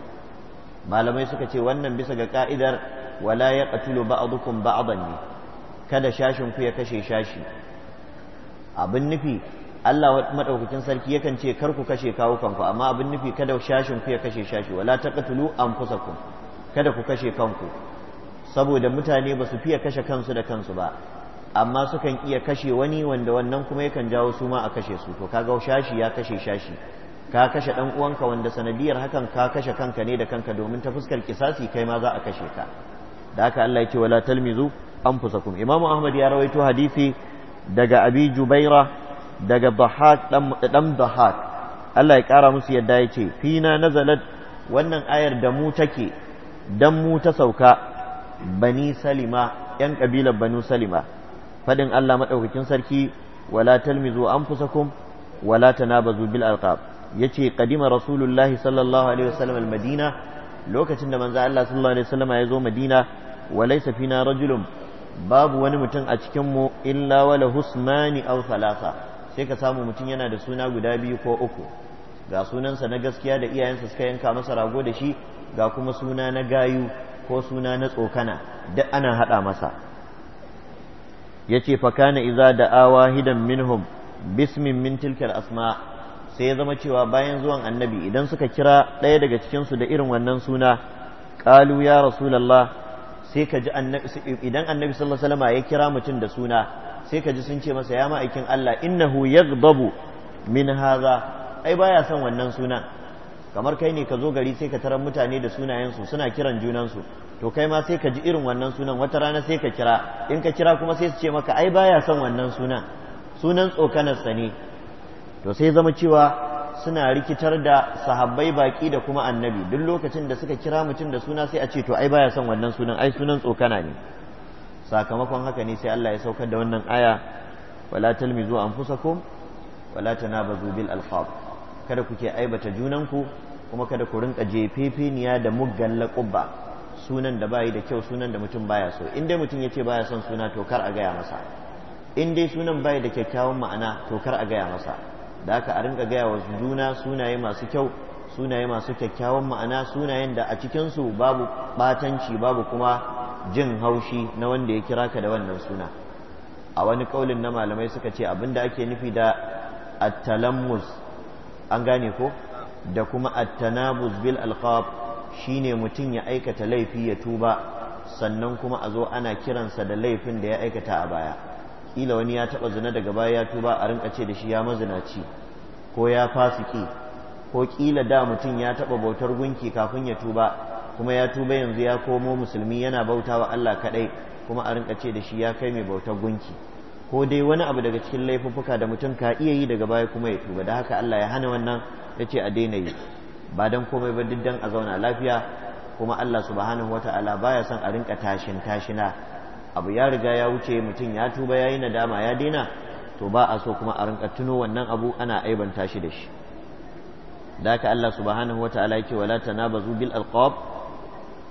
malamai suka ce wannan bisa ga ka'idar wala ya qatulu ba'dukum ba'dan ne kada shashin ku ya kashe shashi abin nufi Allah madaukakin sarki yakan ce kar ku kashe kawukanku amma abin nufi kada shashin ku ya kashe shashi wala taqtulu anfusakum kada ku kashe kanku saboda mutane ba su fiye kashe kansu da kansu ba amma sukan iya kashe wani wanda wannan kuma yakan jawo su ma a kashe su to kaga shashi ya kashe shashi ka kashe dan uwanka wanda sanadiyar hakan ka kashe kanka ne da kanka domin ta fuskar kisasi kai ma za a kashe ka da haka Allah yake wala talmizu anfusakum imamu ahmad ya rawaito hadisi daga abi jubaira daga bahak dan bahak Allah ya kara musu yadda yake fina nazalat wannan ayar da mu take dan mu ta sauka bani salima yan kabilar banu salima fadin Allah madaukakin sarki wala talmizu anfusakum wala tanabazu bil alqab yace qadima rasulullahi sallallahu alaihi wasallam al madina lokacin da manzo Allah sallallahu alaihi wasallam ya zo madina walaysa fina rajulun babu wani mutum a cikin mu illa wala husmani aw thalatha sai ka samu mutum yana da suna guda biyu ko uku ga sunansa na gaskiya da iyayensa suka yanka masa rago da shi ga kuma suna na gayu ko suna na tsokana duk ana haɗa masa ya ce fakana iza da awa hidan minhum bismin min tilkar asma sai ya zama cewa bayan zuwan annabi idan suka kira ɗaya daga cikinsu da irin wannan suna ƙalu ya rasulallah sai ka ji idan annabi sallallahu alaihi wasallam ya kira mutum da suna sai ka ji sun ce masa ya ma'aikin Allah innahu yaghdabu min haza ai baya son wannan sunan kamar kai ne ka zo gari sai ka tarar mutane da sunayensu suna kiran junan su to kai ma sai ka ji irin wannan sunan wata rana sai ka kira in ka kira kuma sai su ce maka ai baya son wannan sunan sunan tsokanarsa ne to sai zama cewa suna rikitar da sahabbai baki da kuma annabi duk lokacin da suka kira mutum da suna sai a ce to ai baya son wannan sunan ai sunan tsokana ne sakamakon haka ne sai Allah ya saukar da wannan aya wala talmizu anfusakum wala tanabazu bil alqab kada kuke aibata junanku kuma kada ku rinka jefefeniya da muggan laƙubba sunan da bayi da kyau sunan da mutum baya so in dai mutum ya ce baya son suna to kar a gaya masa in dai sunan bayi da kyakkyawan ma'ana tokar a gaya masa da aka a rinka gaya wa juna sunaye masu kyau sunaye masu kyakkyawan ma'ana sunayen da a cikinsu babu batanci babu kuma jin haushi na wanda ya kira ka da wannan suna a wani ƙaulin na malamai suka ce abinda ake nufi da at an gane ko da kuma at-tanabuz bil alqab shine mutum ya aikata laifi ya tuba sannan kuma a zo ana kiransa da laifin da ya aikata a baya kila wani ya taba zina daga baya ya tuba a rinka ce da shi ya mazinaci ko ya fasiki ko kila da mutum ya taba bautar gunki kafin ya tuba kuma ya tuba yanzu ya komo musulmi yana bautawa Allah kadai kuma a rinka ce da shi ya kai mai bautar gunki ko dai wani abu daga cikin laifuffuka da mutum ka iya yi daga baya kuma ya tuba da haka Allah ya hana wannan ya ce a daina yi ba don komai ba diddan a zauna lafiya kuma Allah subhanahu wata'ala baya son a rinka tashin tashina abu ya riga ya wuce mutum ya tuba ya yi nadama ya daina to ba a so kuma a rinka tuno wannan abu ana aibanta shi da shi da haka Allah subhanahu wata'ala yake wala tanabazu bil alqab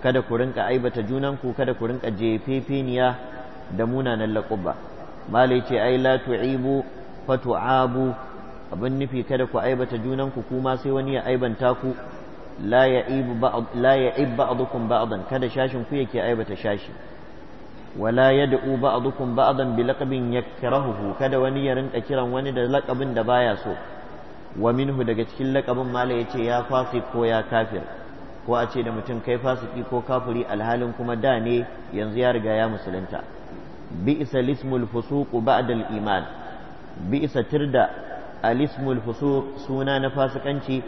kada ku rinka aibata junanku kada ku rinka jefefeniya da munanan laƙubba malai ce ai la tu'ibu fa tu'abu abin nufi kada ku aibata junan ku kuma sai wani ya aibanta ku la ya'ibu ba'd la ya'ib ba'dukum ba'dan kada shashin ku yake aibata shashi wala yad'u ba'dukum ba'dan bi laqabin yakrahuhu kada wani ya rinka kiran wani da laqabin da baya so wa minhu daga cikin laqabin malai yace ya fasi ko ya kafir ko a ce da mutum kai fasiki ko kafiri alhalin kuma da ne yanzu ya riga ya musulunta bi'sa lismul fusuq ba'da iman bi'sa tirda a lismul fusuq suna na fasikanci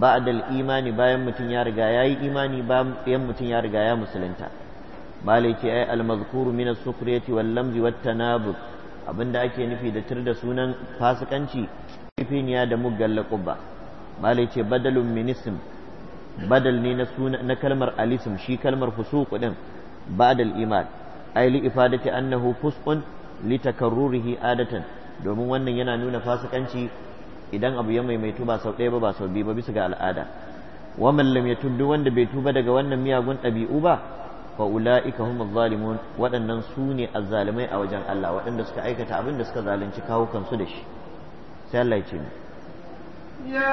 ba'da imani bayan mutum ya riga yi imani bayan mutum ya riga ya musulunta malai ce ai al-mazkuru min as-sukhriyati wal-lamzi wat-tanabut abinda ake nufi da tirda sunan fasikanci kifiniya da muggan laquba malai ce badalun min badal ne na kalmar alism shi kalmar fusuq din ba'da al-iman ai li ifadati annahu fusqun li takarrurihi adatan domin wannan yana nuna fasikanci idan abu ya maimaitu ba sau ɗaya ba ba sau biyu ba bisa ga al'ada wa man lam yatub wanda bai tuba daga wannan miyagun ɗabi'u ba fa ulaika hum zalimun waɗannan su ne azzalimai a wajen Allah waɗanda suka aikata abin da suka zalunci kawo kansu da shi sai Allah ya ce ya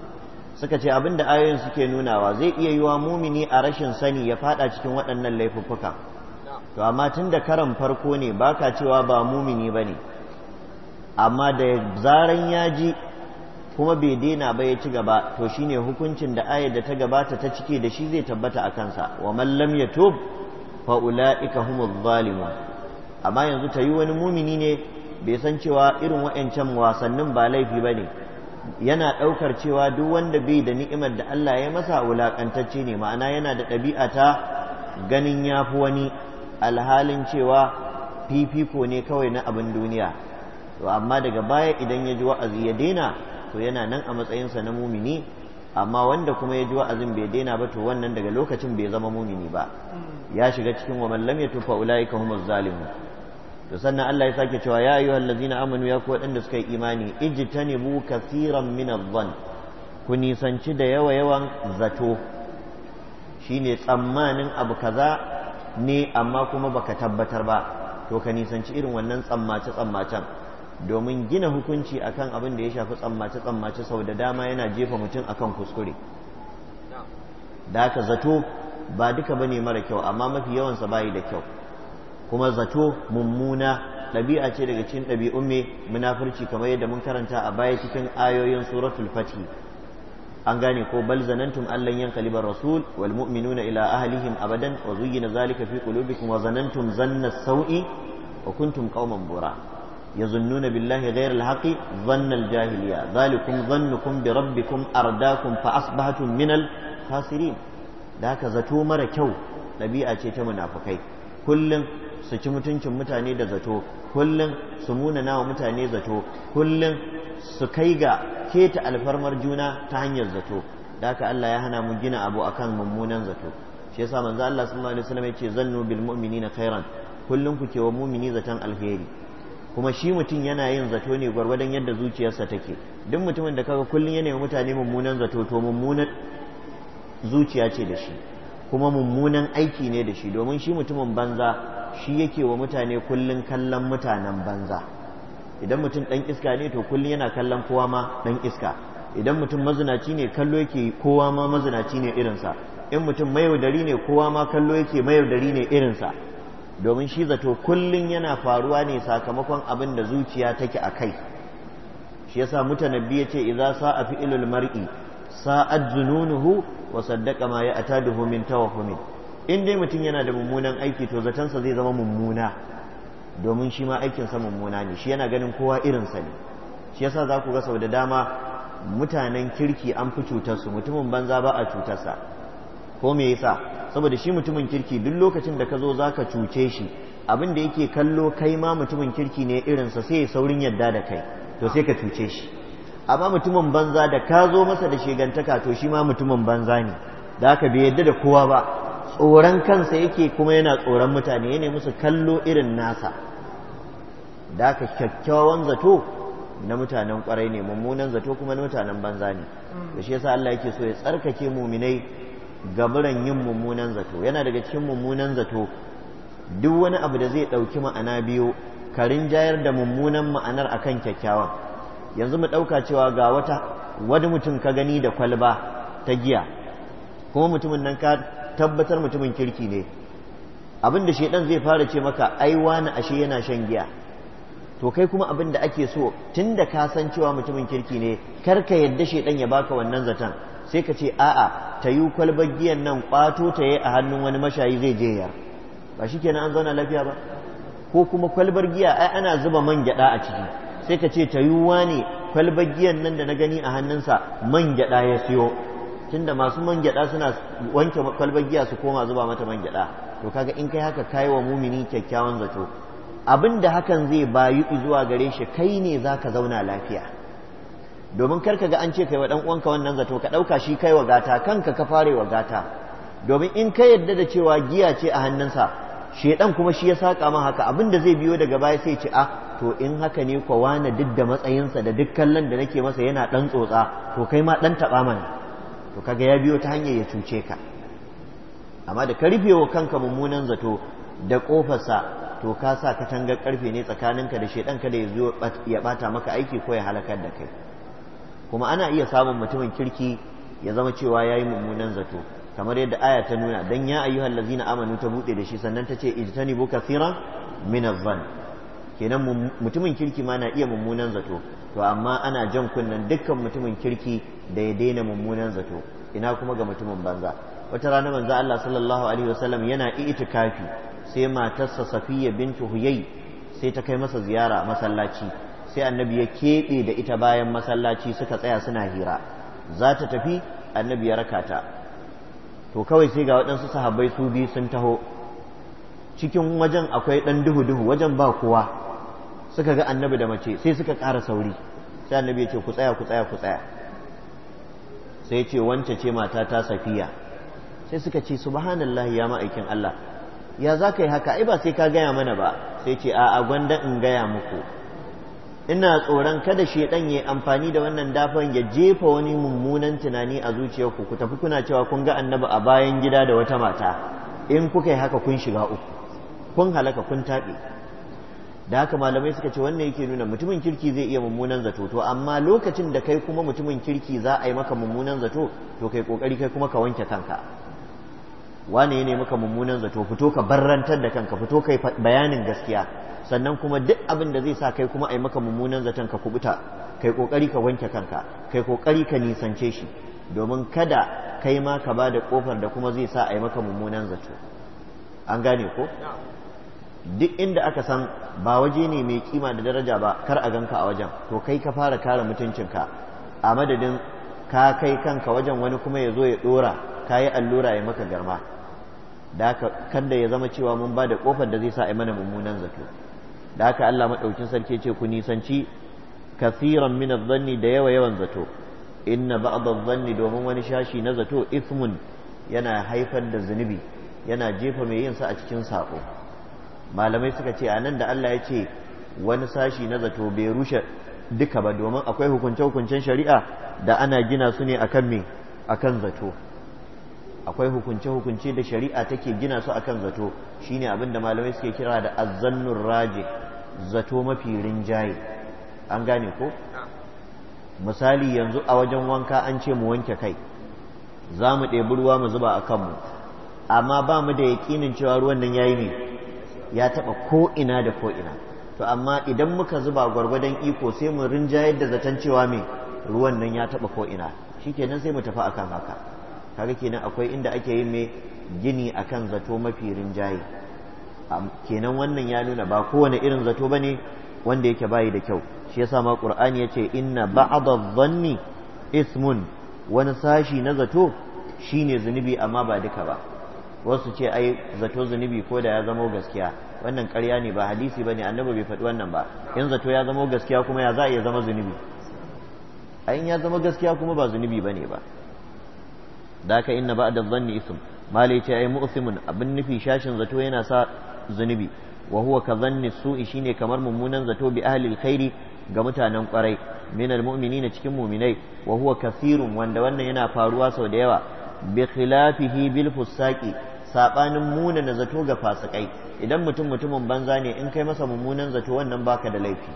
suka ce abin da ayoyin suke nunawa zai iya yiwa mumini a rashin sani ya fada cikin waɗannan laifuffuka to amma tun da karan farko ne baka cewa ba mumini ba ne amma da zaran ya ji kuma bai daina ba ya ci gaba to shine hukuncin da ayar da ta gabata ta cike da shi zai tabbata a kansa wa man lam yatub fa ulaika humuz zalimun amma yanzu ta yi wani mumini ne bai san cewa irin wa'ancan wasannin ba laifi ba ne yana ɗaukar cewa duk wanda bai da ni'imar da Allah ya masa wulaƙantacce ne ma'ana yana da ɗabi'a ta ganin ya fi wani alhalin cewa fifiko ne kawai na abin duniya to amma daga baya idan ya ji wa'azi ya daina to yana nan a matsayinsa na mumini amma wanda kuma ya ji wa'azin bai daina ba to wannan daga lokacin bai zama mumini ba ya shiga cikin wa mallam ya tufa ulaika humuz zalimun to sannan Allah ya sake cewa ya ayyuhal ladzina amanu ya ku waɗanda suka yi imani ijtanibu kasiran min adh-dhann ku nisanci da yawa yawan zato shine tsammanin abu kaza ne amma kuma baka tabbatar ba to ka nisanci irin wannan tsammace tsammacen domin gina hukunci akan abin da ya shafi tsammace tsammace sau da dama yana jefa mutum akan kuskure da haka zato ba duka bane mara kyau amma mafi yawansa bayi da kyau kuma zato mummuna ɗabi'a ce daga cikin ɗabi'un mai munafurci kamar yadda mun karanta a baya cikin ayoyin suratul fati an gane ko bal zanantum allan yanqaliba rasul wal mu'minuna ila ahlihim abadan wa zuyyina zalika fi qulubikum wa zanantum zanna saui wa kuntum qauman bura yazunnuna billahi ghayra al zannan dhanna al-jahiliya dhalikum dhannukum bi rabbikum ardakum fa asbahatum min al da haka zato mara kyau ɗabi'a ce ta munafukai kullum su ci mutuncin mutane da zato kullum su muna nawa mutane zato kullum su kai ga keta alfarmar juna ta hanyar zato da haka Allah ya hana mu gina abu akan mummunan zato shi yasa manzo Allah sallallahu alaihi wasallam yace zannu bil mu'minina khairan kullum ku wa mu'mini zaton alheri kuma shi mutum yana yin zato ne gwargwadon yadda zuciyarsa take duk mutumin da kaga kullum yana yi mutane mummunan zato to mummunan zuciya ce da shi kuma mummunan aiki ne da shi domin shi mutumin banza shi yake wa mutane kullun kallon mutanen banza idan mutum ɗan iska ne to kullun yana kallon kowa ma ɗan iska idan mutum mazinaci ne kallo yake kowa ma mazinaci ne irinsa in mutum mayaudari ne kowa ma kallo yake mayaudari ne irinsa domin shi zato kullun yana faruwa ne sakamakon abin da zuciya take a kai shi yasa mutanabbi yace iza sa'a ilul mar'i sa'ad zununuhu wa saddaqa ma ya'taduhu min tawahhumin in dai mutum yana da mummunan aiki to zatansa zai zama mummuna domin shi ma aikinsa mummuna ne shi yana ganin kowa irinsa ne shi yasa za ku ga sau da dama mutanen kirki an fi cutarsu mutumin banza ba a cutarsa ko me yasa saboda shi mutumin kirki duk lokacin da ka zo za ka cuce shi abin da yake kallo kai ma mutumin kirki ne irinsa sai ya saurin yadda da kai to sai ka cuce shi amma mutumin banza da ka zo masa da shegantaka to shi ma mutumin banza ne da aka bai yadda da kowa ba tsoron kansa yake kuma yana tsoron mutane ya musu kallo irin nasa da aka kyakkyawan zato na mutanen kwarai ne mummunan zato kuma na mutanen banza ne mm. da shi yasa Allah yake so ya tsarkake muminai gaburan yin mummunan zato yana daga cikin mummunan zato duk wani abu da zai ɗauki ma'ana biyu ka rinjayar da mummunan ma'anar akan kyakkyawan yanzu mu ɗauka cewa ga wata wani mutum ka gani da kwalba ta giya kuma mutumin nan ka tabbatar mutumin kirki ne abin da shaidan zai fara ce maka ai wani ashe yana shan giya to kai kuma abin da ake so tun da ka san cewa mutumin kirki ne kar ka yadda shaidan ya baka wannan zaton sai ka ce a'a ta yi kwalbar giyan nan kwato ta yi a hannun wani mashayi zai je ya ba shi kenan an zauna lafiya ba ko kuma kwalbar giya ai ana zuba man gyada a ciki sai ka ce ta yi wani kwalbar giyan nan da na gani a hannunsa man gyada ya siyo tunda masu man suna wanke kwalbar giya su koma zuba mata man to kaga in kai haka kai wa mumini kyakkyawan zato abinda hakan zai bayu zuwa gare shi kai ne zaka zauna lafiya domin kar ka ga an ce kai wa dan uwanka wannan zato ka ɗauka shi kai wa gata kanka ka fare wa gata domin in ka yadda da cewa giya ce a hannunsa shedan kuma shi ya saka ma haka abin da zai biyo daga baya sai ce a ah, to in haka ne kwa wani duk da matsayinsa da duk kallon da nake masa yana ɗan tsotsa to kai ma ɗan taba mana to kaga ya biyo ta hanyar ya cuce ka amma da ka rufe wa kanka mummunan zato da kofarsa to ka sa katangar karfe ne tsakaninka da shedan kada ya zo ya bata maka aiki ko ya halakar da kai kuma ana iya samun mutumin kirki ya zama cewa yayi mummunan zato kamar yadda aya ta nuna dan ya ayyuhal ladzina amanu ta bude da shi sannan ta ce ijtanibu kathiran min adh-dhann kenan mutumin kirki ma na iya mummunan zato to amma ana jan kunnen dukkan mutumin kirki da ya daina mummunan zato ina kuma ga mutumin banza wata rana manzo Allah sallallahu alaihi wasallam yana itikafi sai matarsa Safiya bintu Huyay sai ta kai masa ziyara masallaci sai annabi ya keɓe da ita bayan masallaci suka tsaya suna hira za ta tafi annabi ya raka ta to kawai sai ga waɗansu sahabbai su biyu sun taho cikin wajen akwai ɗan duhu-duhu wajen ba kowa suka ga annabi da mace sai suka ƙara sauri sai annabi ya ce ku tsaya ku tsaya ku tsaya sai ce wance ce mata ta safiya sai suka ce subhanallah ya ma'aikin Allah ya za ka yi haka ai ba sai ka gaya mana ba sai ce a'a gwanda in gaya muku ina tsoron kada shedan ya amfani da wannan dafan ya jefa wani mummunan tunani a zuciyarku ku tafi kuna cewa kun ga annabi a bayan gida da wata mata in kuka yi haka kun shiga uku kun halaka kun taɓe da haka malamai suka ce wannan yake nuna mutumin kirki zai iya mummunan zato to amma lokacin da kai kuma mutumin kirki za a yi maka mummunan zato to kai kokari kai kuma ka wanke kanka wane ne maka mummunan zato fito ka barrantar da kanka fito kai bayanin gaskiya sannan kuma duk abin da zai sa kai kuma a yi maka mummunan zaton ka kubuta kai kokari ka wanke kanka kai kokari ka nisance shi domin kada kai ma ka ba da kofar da kuma zai sa a yi maka mummunan zato an gane ko duk inda aka san ba waje ne mai kima da daraja ba kar a ganka a wajen to kai ka fara kare mutuncinka a madadin ka kai kanka wajen wani kuma ya zo ya dora ka yi allura ya maka garma da kan kada ya zama cewa mun ba da kofar da zai sa a mana mummunan zato da haka Allah madaukin sarki ce ku nisanci kasiran min adh da yawa yawan zato inna ba'd adh-dhanni domin wani shashi na zato ismun yana haifar da zunubi yana jefa mai yin sa a cikin saƙo. malamai suka ce anan da Allah ya ce wani sashi na zato bai rushe duka ba domin akwai hukunce-hukuncen shari'a da ana gina su ne akan me akan zato akwai hukunce-hukunce da shari'a take gina su akan zato shine abin da malamai suke kira da azzannur raji zato mafi rinjaye an gane ko misali yanzu a wajen wanka an ce mu wanke kai za mu ɗebi ruwa mu zuba a kanmu amma ba mu da yaƙinin cewa ruwan nan yayi ne ya taɓa ina da ko'ina to amma idan muka zuba gwargwadon iko sai mu rinjayar da zaton cewa mai ruwan nan ya taɓa ko'ina shikenan sai mu tafi akan haka kaga kenan akwai inda ake yin mai gini akan zato mafi rinjaye kenan wannan ya nuna ba kowane irin zato bane wanda yake bayi da kyau shi yasa ma qur'ani yace inna ba'da dhanni ismun wani sashi na zato shine zunubi amma ba duka ba wasu ce ai zato zunubi ko da ya zamo gaskiya wannan ƙarya ne ba hadisi ba ne annabi bai faɗi wannan ba in zato ya zamo gaskiya kuma ya za a iya zama zunubi a in ya zama gaskiya kuma ba zunubi bane ba da ka inna zan dhanni isim malai ce ai mu'simun abin nufi shashin zato yana sa zunubi wa huwa ka dhanni su'i shine kamar mummunan zato bi ahli kairi ga mutanen kwarai min na cikin mu'minai wa huwa kathirun wanda wannan yana faruwa sau da yawa bi khilafihi bil fusaqi saɓanin muna na zato ga fasikai idan mutum mutumin banza ne in kai masa mummunan zato wannan baka da laifi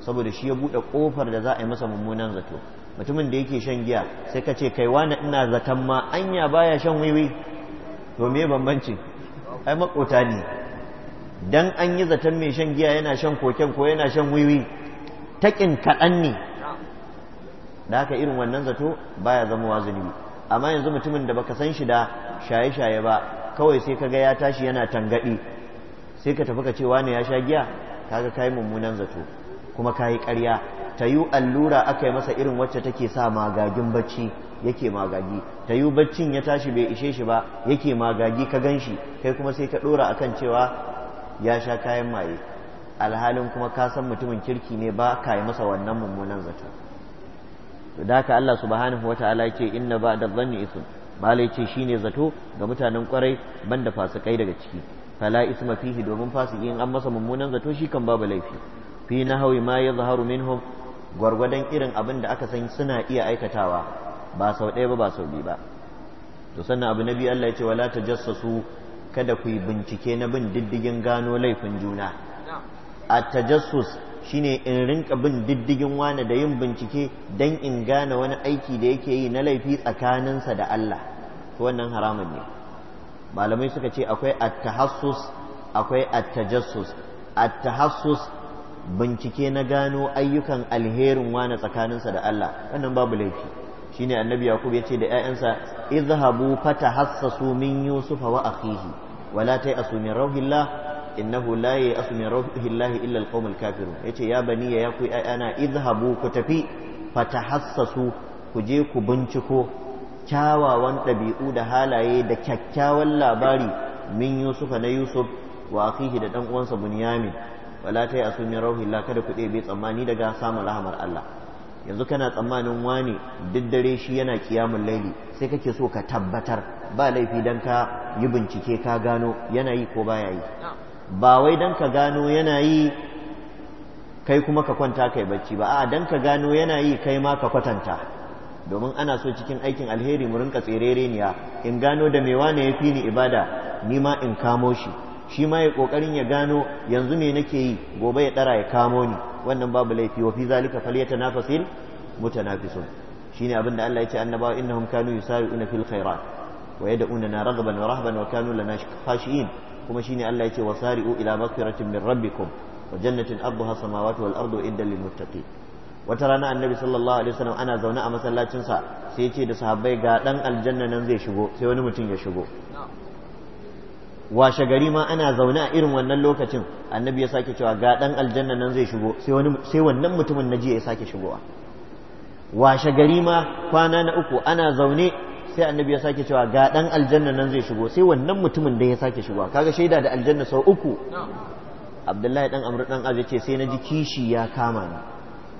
saboda shi ya buɗe ƙofar da za a yi masa mummunan zato mutumin da yake shan giya sai ka ce kai wani ina zaton ma anya baya shan wiwi to me bambanci ai makota ne dan an yi zaton mai shan giya yana shan koken ko yana shan wiwi takin kaɗan ne da haka irin wannan zato baya zama wazibi amma yanzu mutumin da baka san shi da shaye-shaye ba kawai sai kaga ya tashi yana tangadi sai ka tafi ka cewa ne ya sha giya kaga kayi mummunan zato kuma kayi ƙarya tayu allura aka yi masa irin wacce take sa magagin bacci yake magagi tayu baccin ya tashi bai ishe shi ba yake magagi ka ganshi kai kuma sai ka dora akan cewa ya sha kayan maye alhalin kuma ka san mutumin kirki ne ba ka yi masa wannan mummunan zato da haka Allah subhanahu wataala yake inna da dhanni ithun malai ce ne zato ga mutanen kwarai ban da fasikai daga ciki fala isma fihi domin fasiki in an masa mummunan zato shi kan babu laifi fi nahwi ma yazharu minhum gwargwadon irin abin da aka san suna iya aikatawa ba sau ɗaya ba ba sau biyu ba to sannan abu na biyu Allah ya ce wala tajassasu kada ku yi bincike na bin diddigin gano laifin juna ta tajassus shine in rinka bin diddigin wani da yin bincike don in gane wani aiki da yake yi na laifi tsakaninsa da Allah to wannan haramun ne malamai suka ce akwai attahassus akwai attajassus attahassus bincike na gano ayyukan alherin wani tsakaninsa da Allah wannan babu laifi shine annabi yakub ya ce da 'ya'yansa izhabu fatahassasu min yusufa wa akhihi wala ta'asu min rauhillah innahu la ya'asu min rawhillahi illa alqawmul kafirun yace ya bani ya ku ana izhabu ku tafi fatahassasu ku je ku binciko kyawawan ɗabi'u da halaye da kyakkyawan labari min yusufa na yusuf wa akhihi da dan uwansa bunyamin wala ta yasu min rawhillahi kada ku ɗebe tsammani daga samun rahamar Allah yanzu kana tsammanin wani duk dare shi yana kiyamun laili sai kake so ka tabbatar ba laifi dan ka yi bincike ka gano yana yi ko baya yi ba wai dan ka gano yana kai kuma ka kwanta kai bacci ba a dan ka gano yana yi kai ma ka kwatanta domin ana so cikin aikin alheri mu rinka tserereniya in gano da me wane ya fi ni ibada ni ma in kamo shi shi ma ya kokarin ya gano yanzu me nake yi gobe ya dara ya kamo ni wannan babu laifi wa fi zalika falyatanafasil mutanafisun shine abin da Allah ya ce annabawa innahum kanu yusari'una fil khairat wa yad'una raghaban wa rahban wa kanu lana khashiyin kuma shine Allah yake wasari'u ila maghfiratin min rabbikum wa jannatin arduha samawati wal ardu inda lil muttaqin wata rana annabi sallallahu alaihi wasallam ana zaune a masallacin sa sai yace da sahabbai ga dan aljanna nan zai shigo sai wani mutum ya shigo washe gari ma ana zaune a irin wannan lokacin annabi ya sake cewa ga dan aljanna nan zai shigo sai wani sai wannan mutumin na jiya ya sake shigowa washe gari ma kwana na uku ana zaune sai annabi ya sake cewa ga dan aljanna nan zai shigo sai wannan mutumin da ya sake shigo kaga shaida da aljanna sau uku abdullahi dan amru dan az ce sai na ji kishi ya kama ni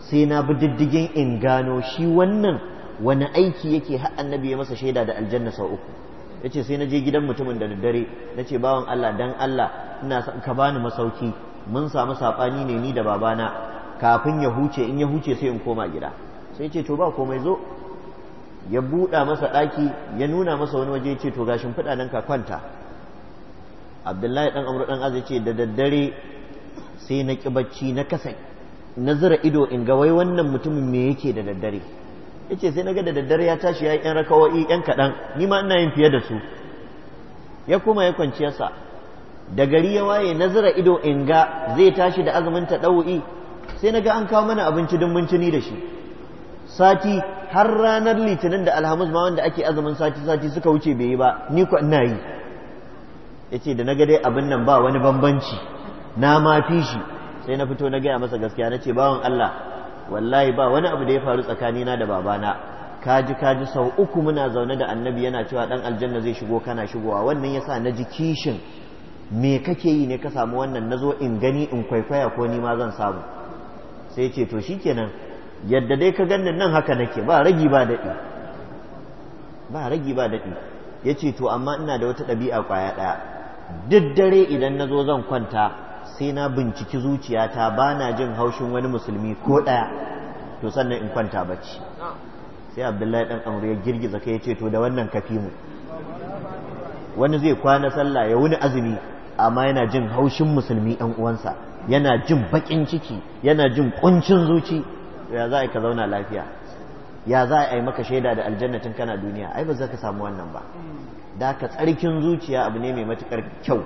sai na bi diddigin in gano shi wannan wani aiki yake har annabi ya masa shaida da aljanna sau uku yace sai na je gidan mutumin da daddare nace bawan Allah dan Allah ina ka bani masauki mun samu sabani ne ni da babana kafin ya huce in ya huce sai in koma gida sai yace to ba komai zo ya buɗa masa ɗaki ya nuna masa wani waje ce to gashin fiɗa nan ka kwanta abdullahi ɗan ɗan dan ya ce da daddare sai na ƙi bacci na kasa na zira ido in ga wai wannan mutumin me yake da daddare Ya ce sai na ga da daddare ya tashi ya yi ƴan rakawa'i ƴan kaɗan ni ma ina yin fiye da su ya koma ya kwanciyarsa da gari ya waye na zira ido in ga zai tashi da azumin ta ɗau'i sai na ga an kawo mana abinci dun mun da shi sati har ranar litinin da alhamis ma wanda ake azumin sati sati suka wuce bai yi ba ni ko ina yi yace da naga dai abin nan ba wani bambanci na ma fi shi sai na fito na gaya masa gaskiya na ce bawan Allah wallahi ba wani abu da ya faru tsakanina da babana kaji kaji sau uku muna zaune da annabi yana cewa dan aljanna zai shigo kana shigowa wannan yasa na ji kishin me kake yi ne ka samu wannan nazo in gani in kwaikwaya ko ni ma zan samu sai ce to shikenan yadda dai ka gannin nan haka nake ba ragi ba daɗi ba ragi ba daɗi ya ce to amma ina da wata ɗabi'a ƙwaya ɗaya duk dare idan na zo zan kwanta sai na binciki zuciyata ba na jin haushin wani musulmi ko ɗaya to sannan in kwanta bacci sai abdullahi ɗan amur ya girgiza kai ya ce to da wannan kafi mu wani zai kwana sallah ya wuni azumi amma yana jin haushin musulmi ɗan uwansa yana jin baƙin ciki yana jin ƙuncin zuci ya za a ka zauna lafiya ya za a yi maka shaida da aljannatin kana duniya ai ba za ka samu wannan ba da ka tsarkin zuciya abu ne mai matukar kyau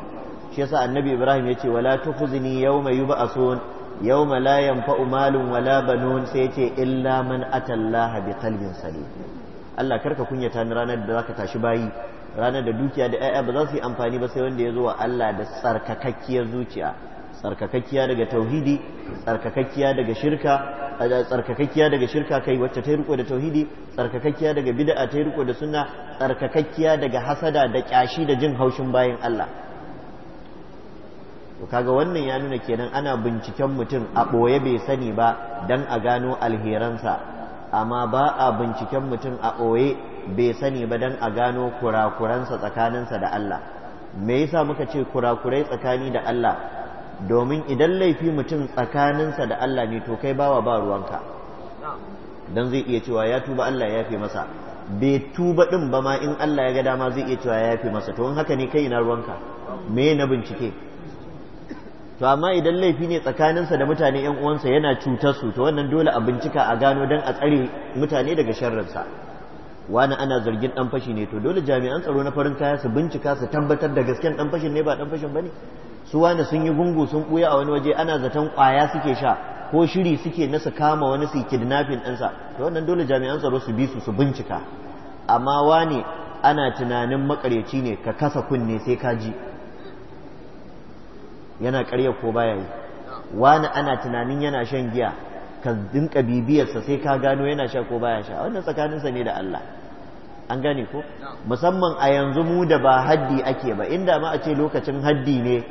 shi yasa annabi ibrahim ya ce wala tukhzini yawma yub'asun yawma la yanfa'u malun wala banun sai yace illa man atallaha bi qalbin salim Allah karka kunyata ni ranar da zaka tashi bayi ranar da dukiya da 'ya'ya ba za su yi amfani ba sai wanda ya zo wa Allah da tsarkakakkiyar zuciya tsarkakakkiya daga tauhidi tsarkakakkiya daga shirka tsarkakakkiya daga shirka kai wacce ta riko da tauhidi tsarkakakkiya daga bid'a ta riko da sunna tsarkakakkiya daga hasada da kyashi da jin haushin bayan Allah to kaga wannan ya nuna kenan ana binciken mutum a ɓoye bai sani ba dan a gano alheransa amma ba a binciken mutum a boye bai sani ba dan a gano kurakuransa tsakaninsa da Allah me yasa muka ce kurakurai tsakani da Allah domin idan laifi mutum tsakaninsa da Allah ne to kai bawa ba ruwanka dan zai iya cewa ya tuba Allah ya yafe masa bai tuba din ba ma in Allah ya ga dama zai iya cewa ya yafe masa to in haka ne kai ina ruwanka me na bincike to amma idan laifi ne tsakaninsa da mutane yan uwansa yana cutar su to wannan dole a bincika a gano dan a tsare mutane daga sharrinsa wani ana zargin dan fashi ne to dole jami'an tsaro na farin kaya su bincika su tabbatar da gasken dan fashin ne ba dan fashin bane su wani sun yi gungu sun ɓuya a wani waje ana zaton ƙwaya suke sha ko shiri suke nasa kama wani su kidnapping ɗinsa to wannan dole jami'an tsaro su bi su su bincika amma wani ana tunanin makaryaci ne ka kasa kunne sai ka ji yana ƙarya ko baya yi wani ana tunanin yana shan giya ka dinka bibiyarsa sai ka gano yana sha ko baya sha wannan tsakaninsa ne da Allah an gane ko musamman a yanzu mu da ba haddi ake ba inda ma a ce lokacin haddi ne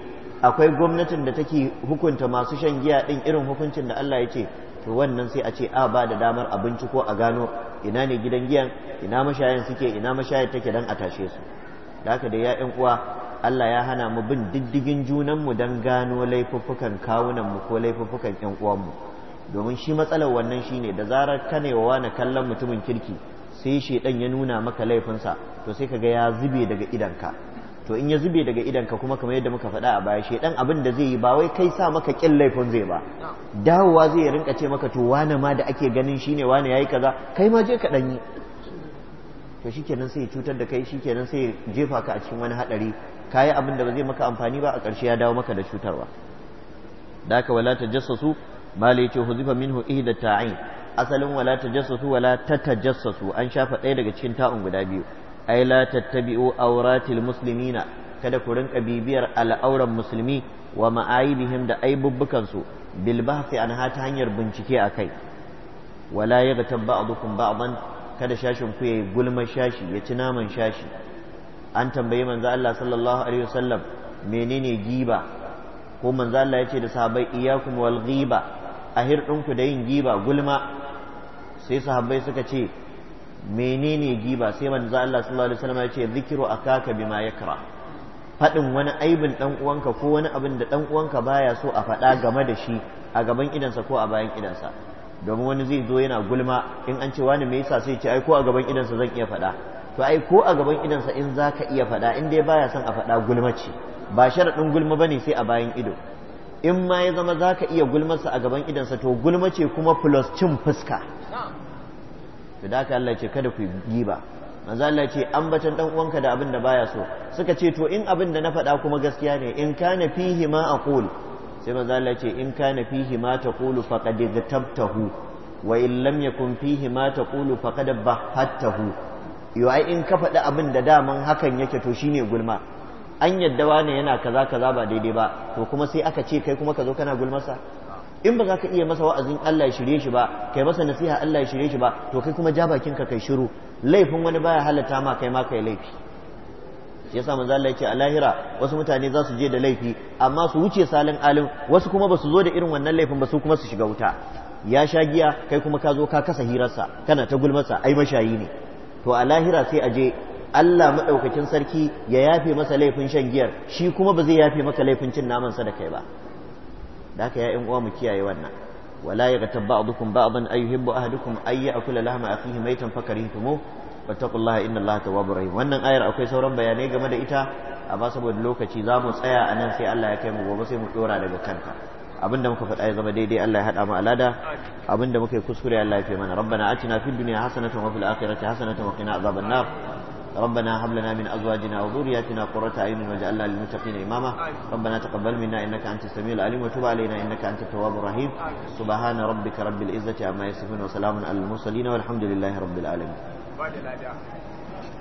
akwai gwamnatin da take hukunta masu shan giya din irin hukuncin da Allah ya ce to wannan sai a ce a ba da damar abinci ko a gano ina ne gidan giyan ina mashayan suke ina mashayar take dan a tashe su da haka da ya uwa Allah ya hana mu bin diddigin junan mu dan gano laifuffukan kawunanmu ko laifuffukan ƴan uwanmu domin shi matsalar wannan shine da zarar ka ne wa wani kallon mutumin kirki sai shedan ya nuna maka laifinsa to sai ka ga ya zube daga idanka to in ya zube daga idanka kuma kamar yadda muka faɗa a baya dan abin da zai yi ba wai kai sa maka kin laifin zai ba dawowa zai rinka ce maka to wane ma da ake ganin shine wane yayi kaza kai ma je ka dan yi to shikenan sai ya cutar da kai shikenan sai ya jefa ka a cikin wani hadari kayi abin da ba zai maka amfani ba a ƙarshe ya dawo maka da cutarwa da haka wala tajassasu mala yace huzifa minhu ihda ta'in asalin wala tajassasu wala tatajassasu an shafa ɗaya daga cikin ta'un guda biyu ai la tattabi'u awratil muslimina kada ku rinka bibiyar al'auran musulmi wa ma'aibihim da aibubbukan su bil bahthi anha ta hanyar bincike akai wala yaghtab ba'dukum ba'dan kada shashin ku yayi gulma shashi ya ci naman shashi an tambayi manzo Allah sallallahu alaihi wasallam menene giba ko manzo Allah ya ce da sahabbai iyyakum wal ghiba a hirɗinku da yin giba gulma sai sahabbai suka ce menene giba sai manzo Allah sallallahu alaihi wasallam ya ce zikiru akaka bima yakra faɗin wani aibin dan uwanka ko wani abin da dan uwanka baya so a faɗa game da shi a gaban idansa ko a bayan idansa domin wani zai zo yana gulma in an ce wani me yasa sai ce ai ko a gaban idansa zan iya faɗa to ai ko a gaban idansa in zaka iya faɗa in dai baya son a faɗa gulma ce ba sharaɗin gulma bane sai a bayan ido in ma ya zama zaka iya gulmarsa a gaban idansa to gulma ce kuma plus cin fuska to da aka Allah ce kada ku yi ba manzo Allah ce ambatan dan uwanka da abin da baya so suka ce to in abin da na faɗa kuma gaskiya ne in kana fihi ma aqul sai manzo Allah ce in kana fihi ma taqulu faqad tabtahu wa in lam yakun fihi ma taqulu faqad bahattahu yo ai in ka faɗi abin da daman hakan yake to shine gulma an yadda wane yana kaza kaza ba daidai ba to kuma sai aka ce kai kuma ka zo kana gulmasa in ba za ka iya masa wa'azin Allah ya shirye shi ba kai masa nasiha Allah ya shirye shi ba to kai kuma ja bakin ka kai shiru laifin wani baya halatta ma kai ma kai laifi Ya sa manzo Allah yake a lahira wasu mutane za su je da laifi amma su wuce salin alim wasu kuma ba su zo da irin wannan laifin ba su kuma su shiga wuta ya sha giya kai kuma ka zo ka kasa hirarsa kana ta gulmarsa ai mashayi ne to a lahira sai a je Allah maɗaukakin sarki ya yafe masa laifin shan giyar shi kuma ba zai yafe maka laifin cin namansa da kai ba da haka ya uwa mu kiyaye wannan wala ya yaghtab ba'dukum ba'dan ay yuhibbu ahadukum ay ya'kula lahma akhihi maytan fakarihtumuh fattaqullaha innallaha tawwabur rahim wannan ayar akwai sauran bayanai game da ita amma saboda lokaci za mu tsaya a nan sai Allah ya kai mu gobe sai mu dora daga kanka. abinda muka faɗa ya zama daidai Allah ya haɗa mu alada abinda muka yi kuskure Allah ya fi mana rabbana atina fid dunya hasanatan wa fil akhirati hasanatan wa qina azaban ربنا هب لنا من ازواجنا وذرياتنا قرة اعين واجعلنا للمتقين اماما ربنا تقبل منا انك انت السميع العليم وتب علينا انك انت التواب الرحيم سبحان ربك رب العزه عما يصفون وسلام على المرسلين والحمد لله رب العالمين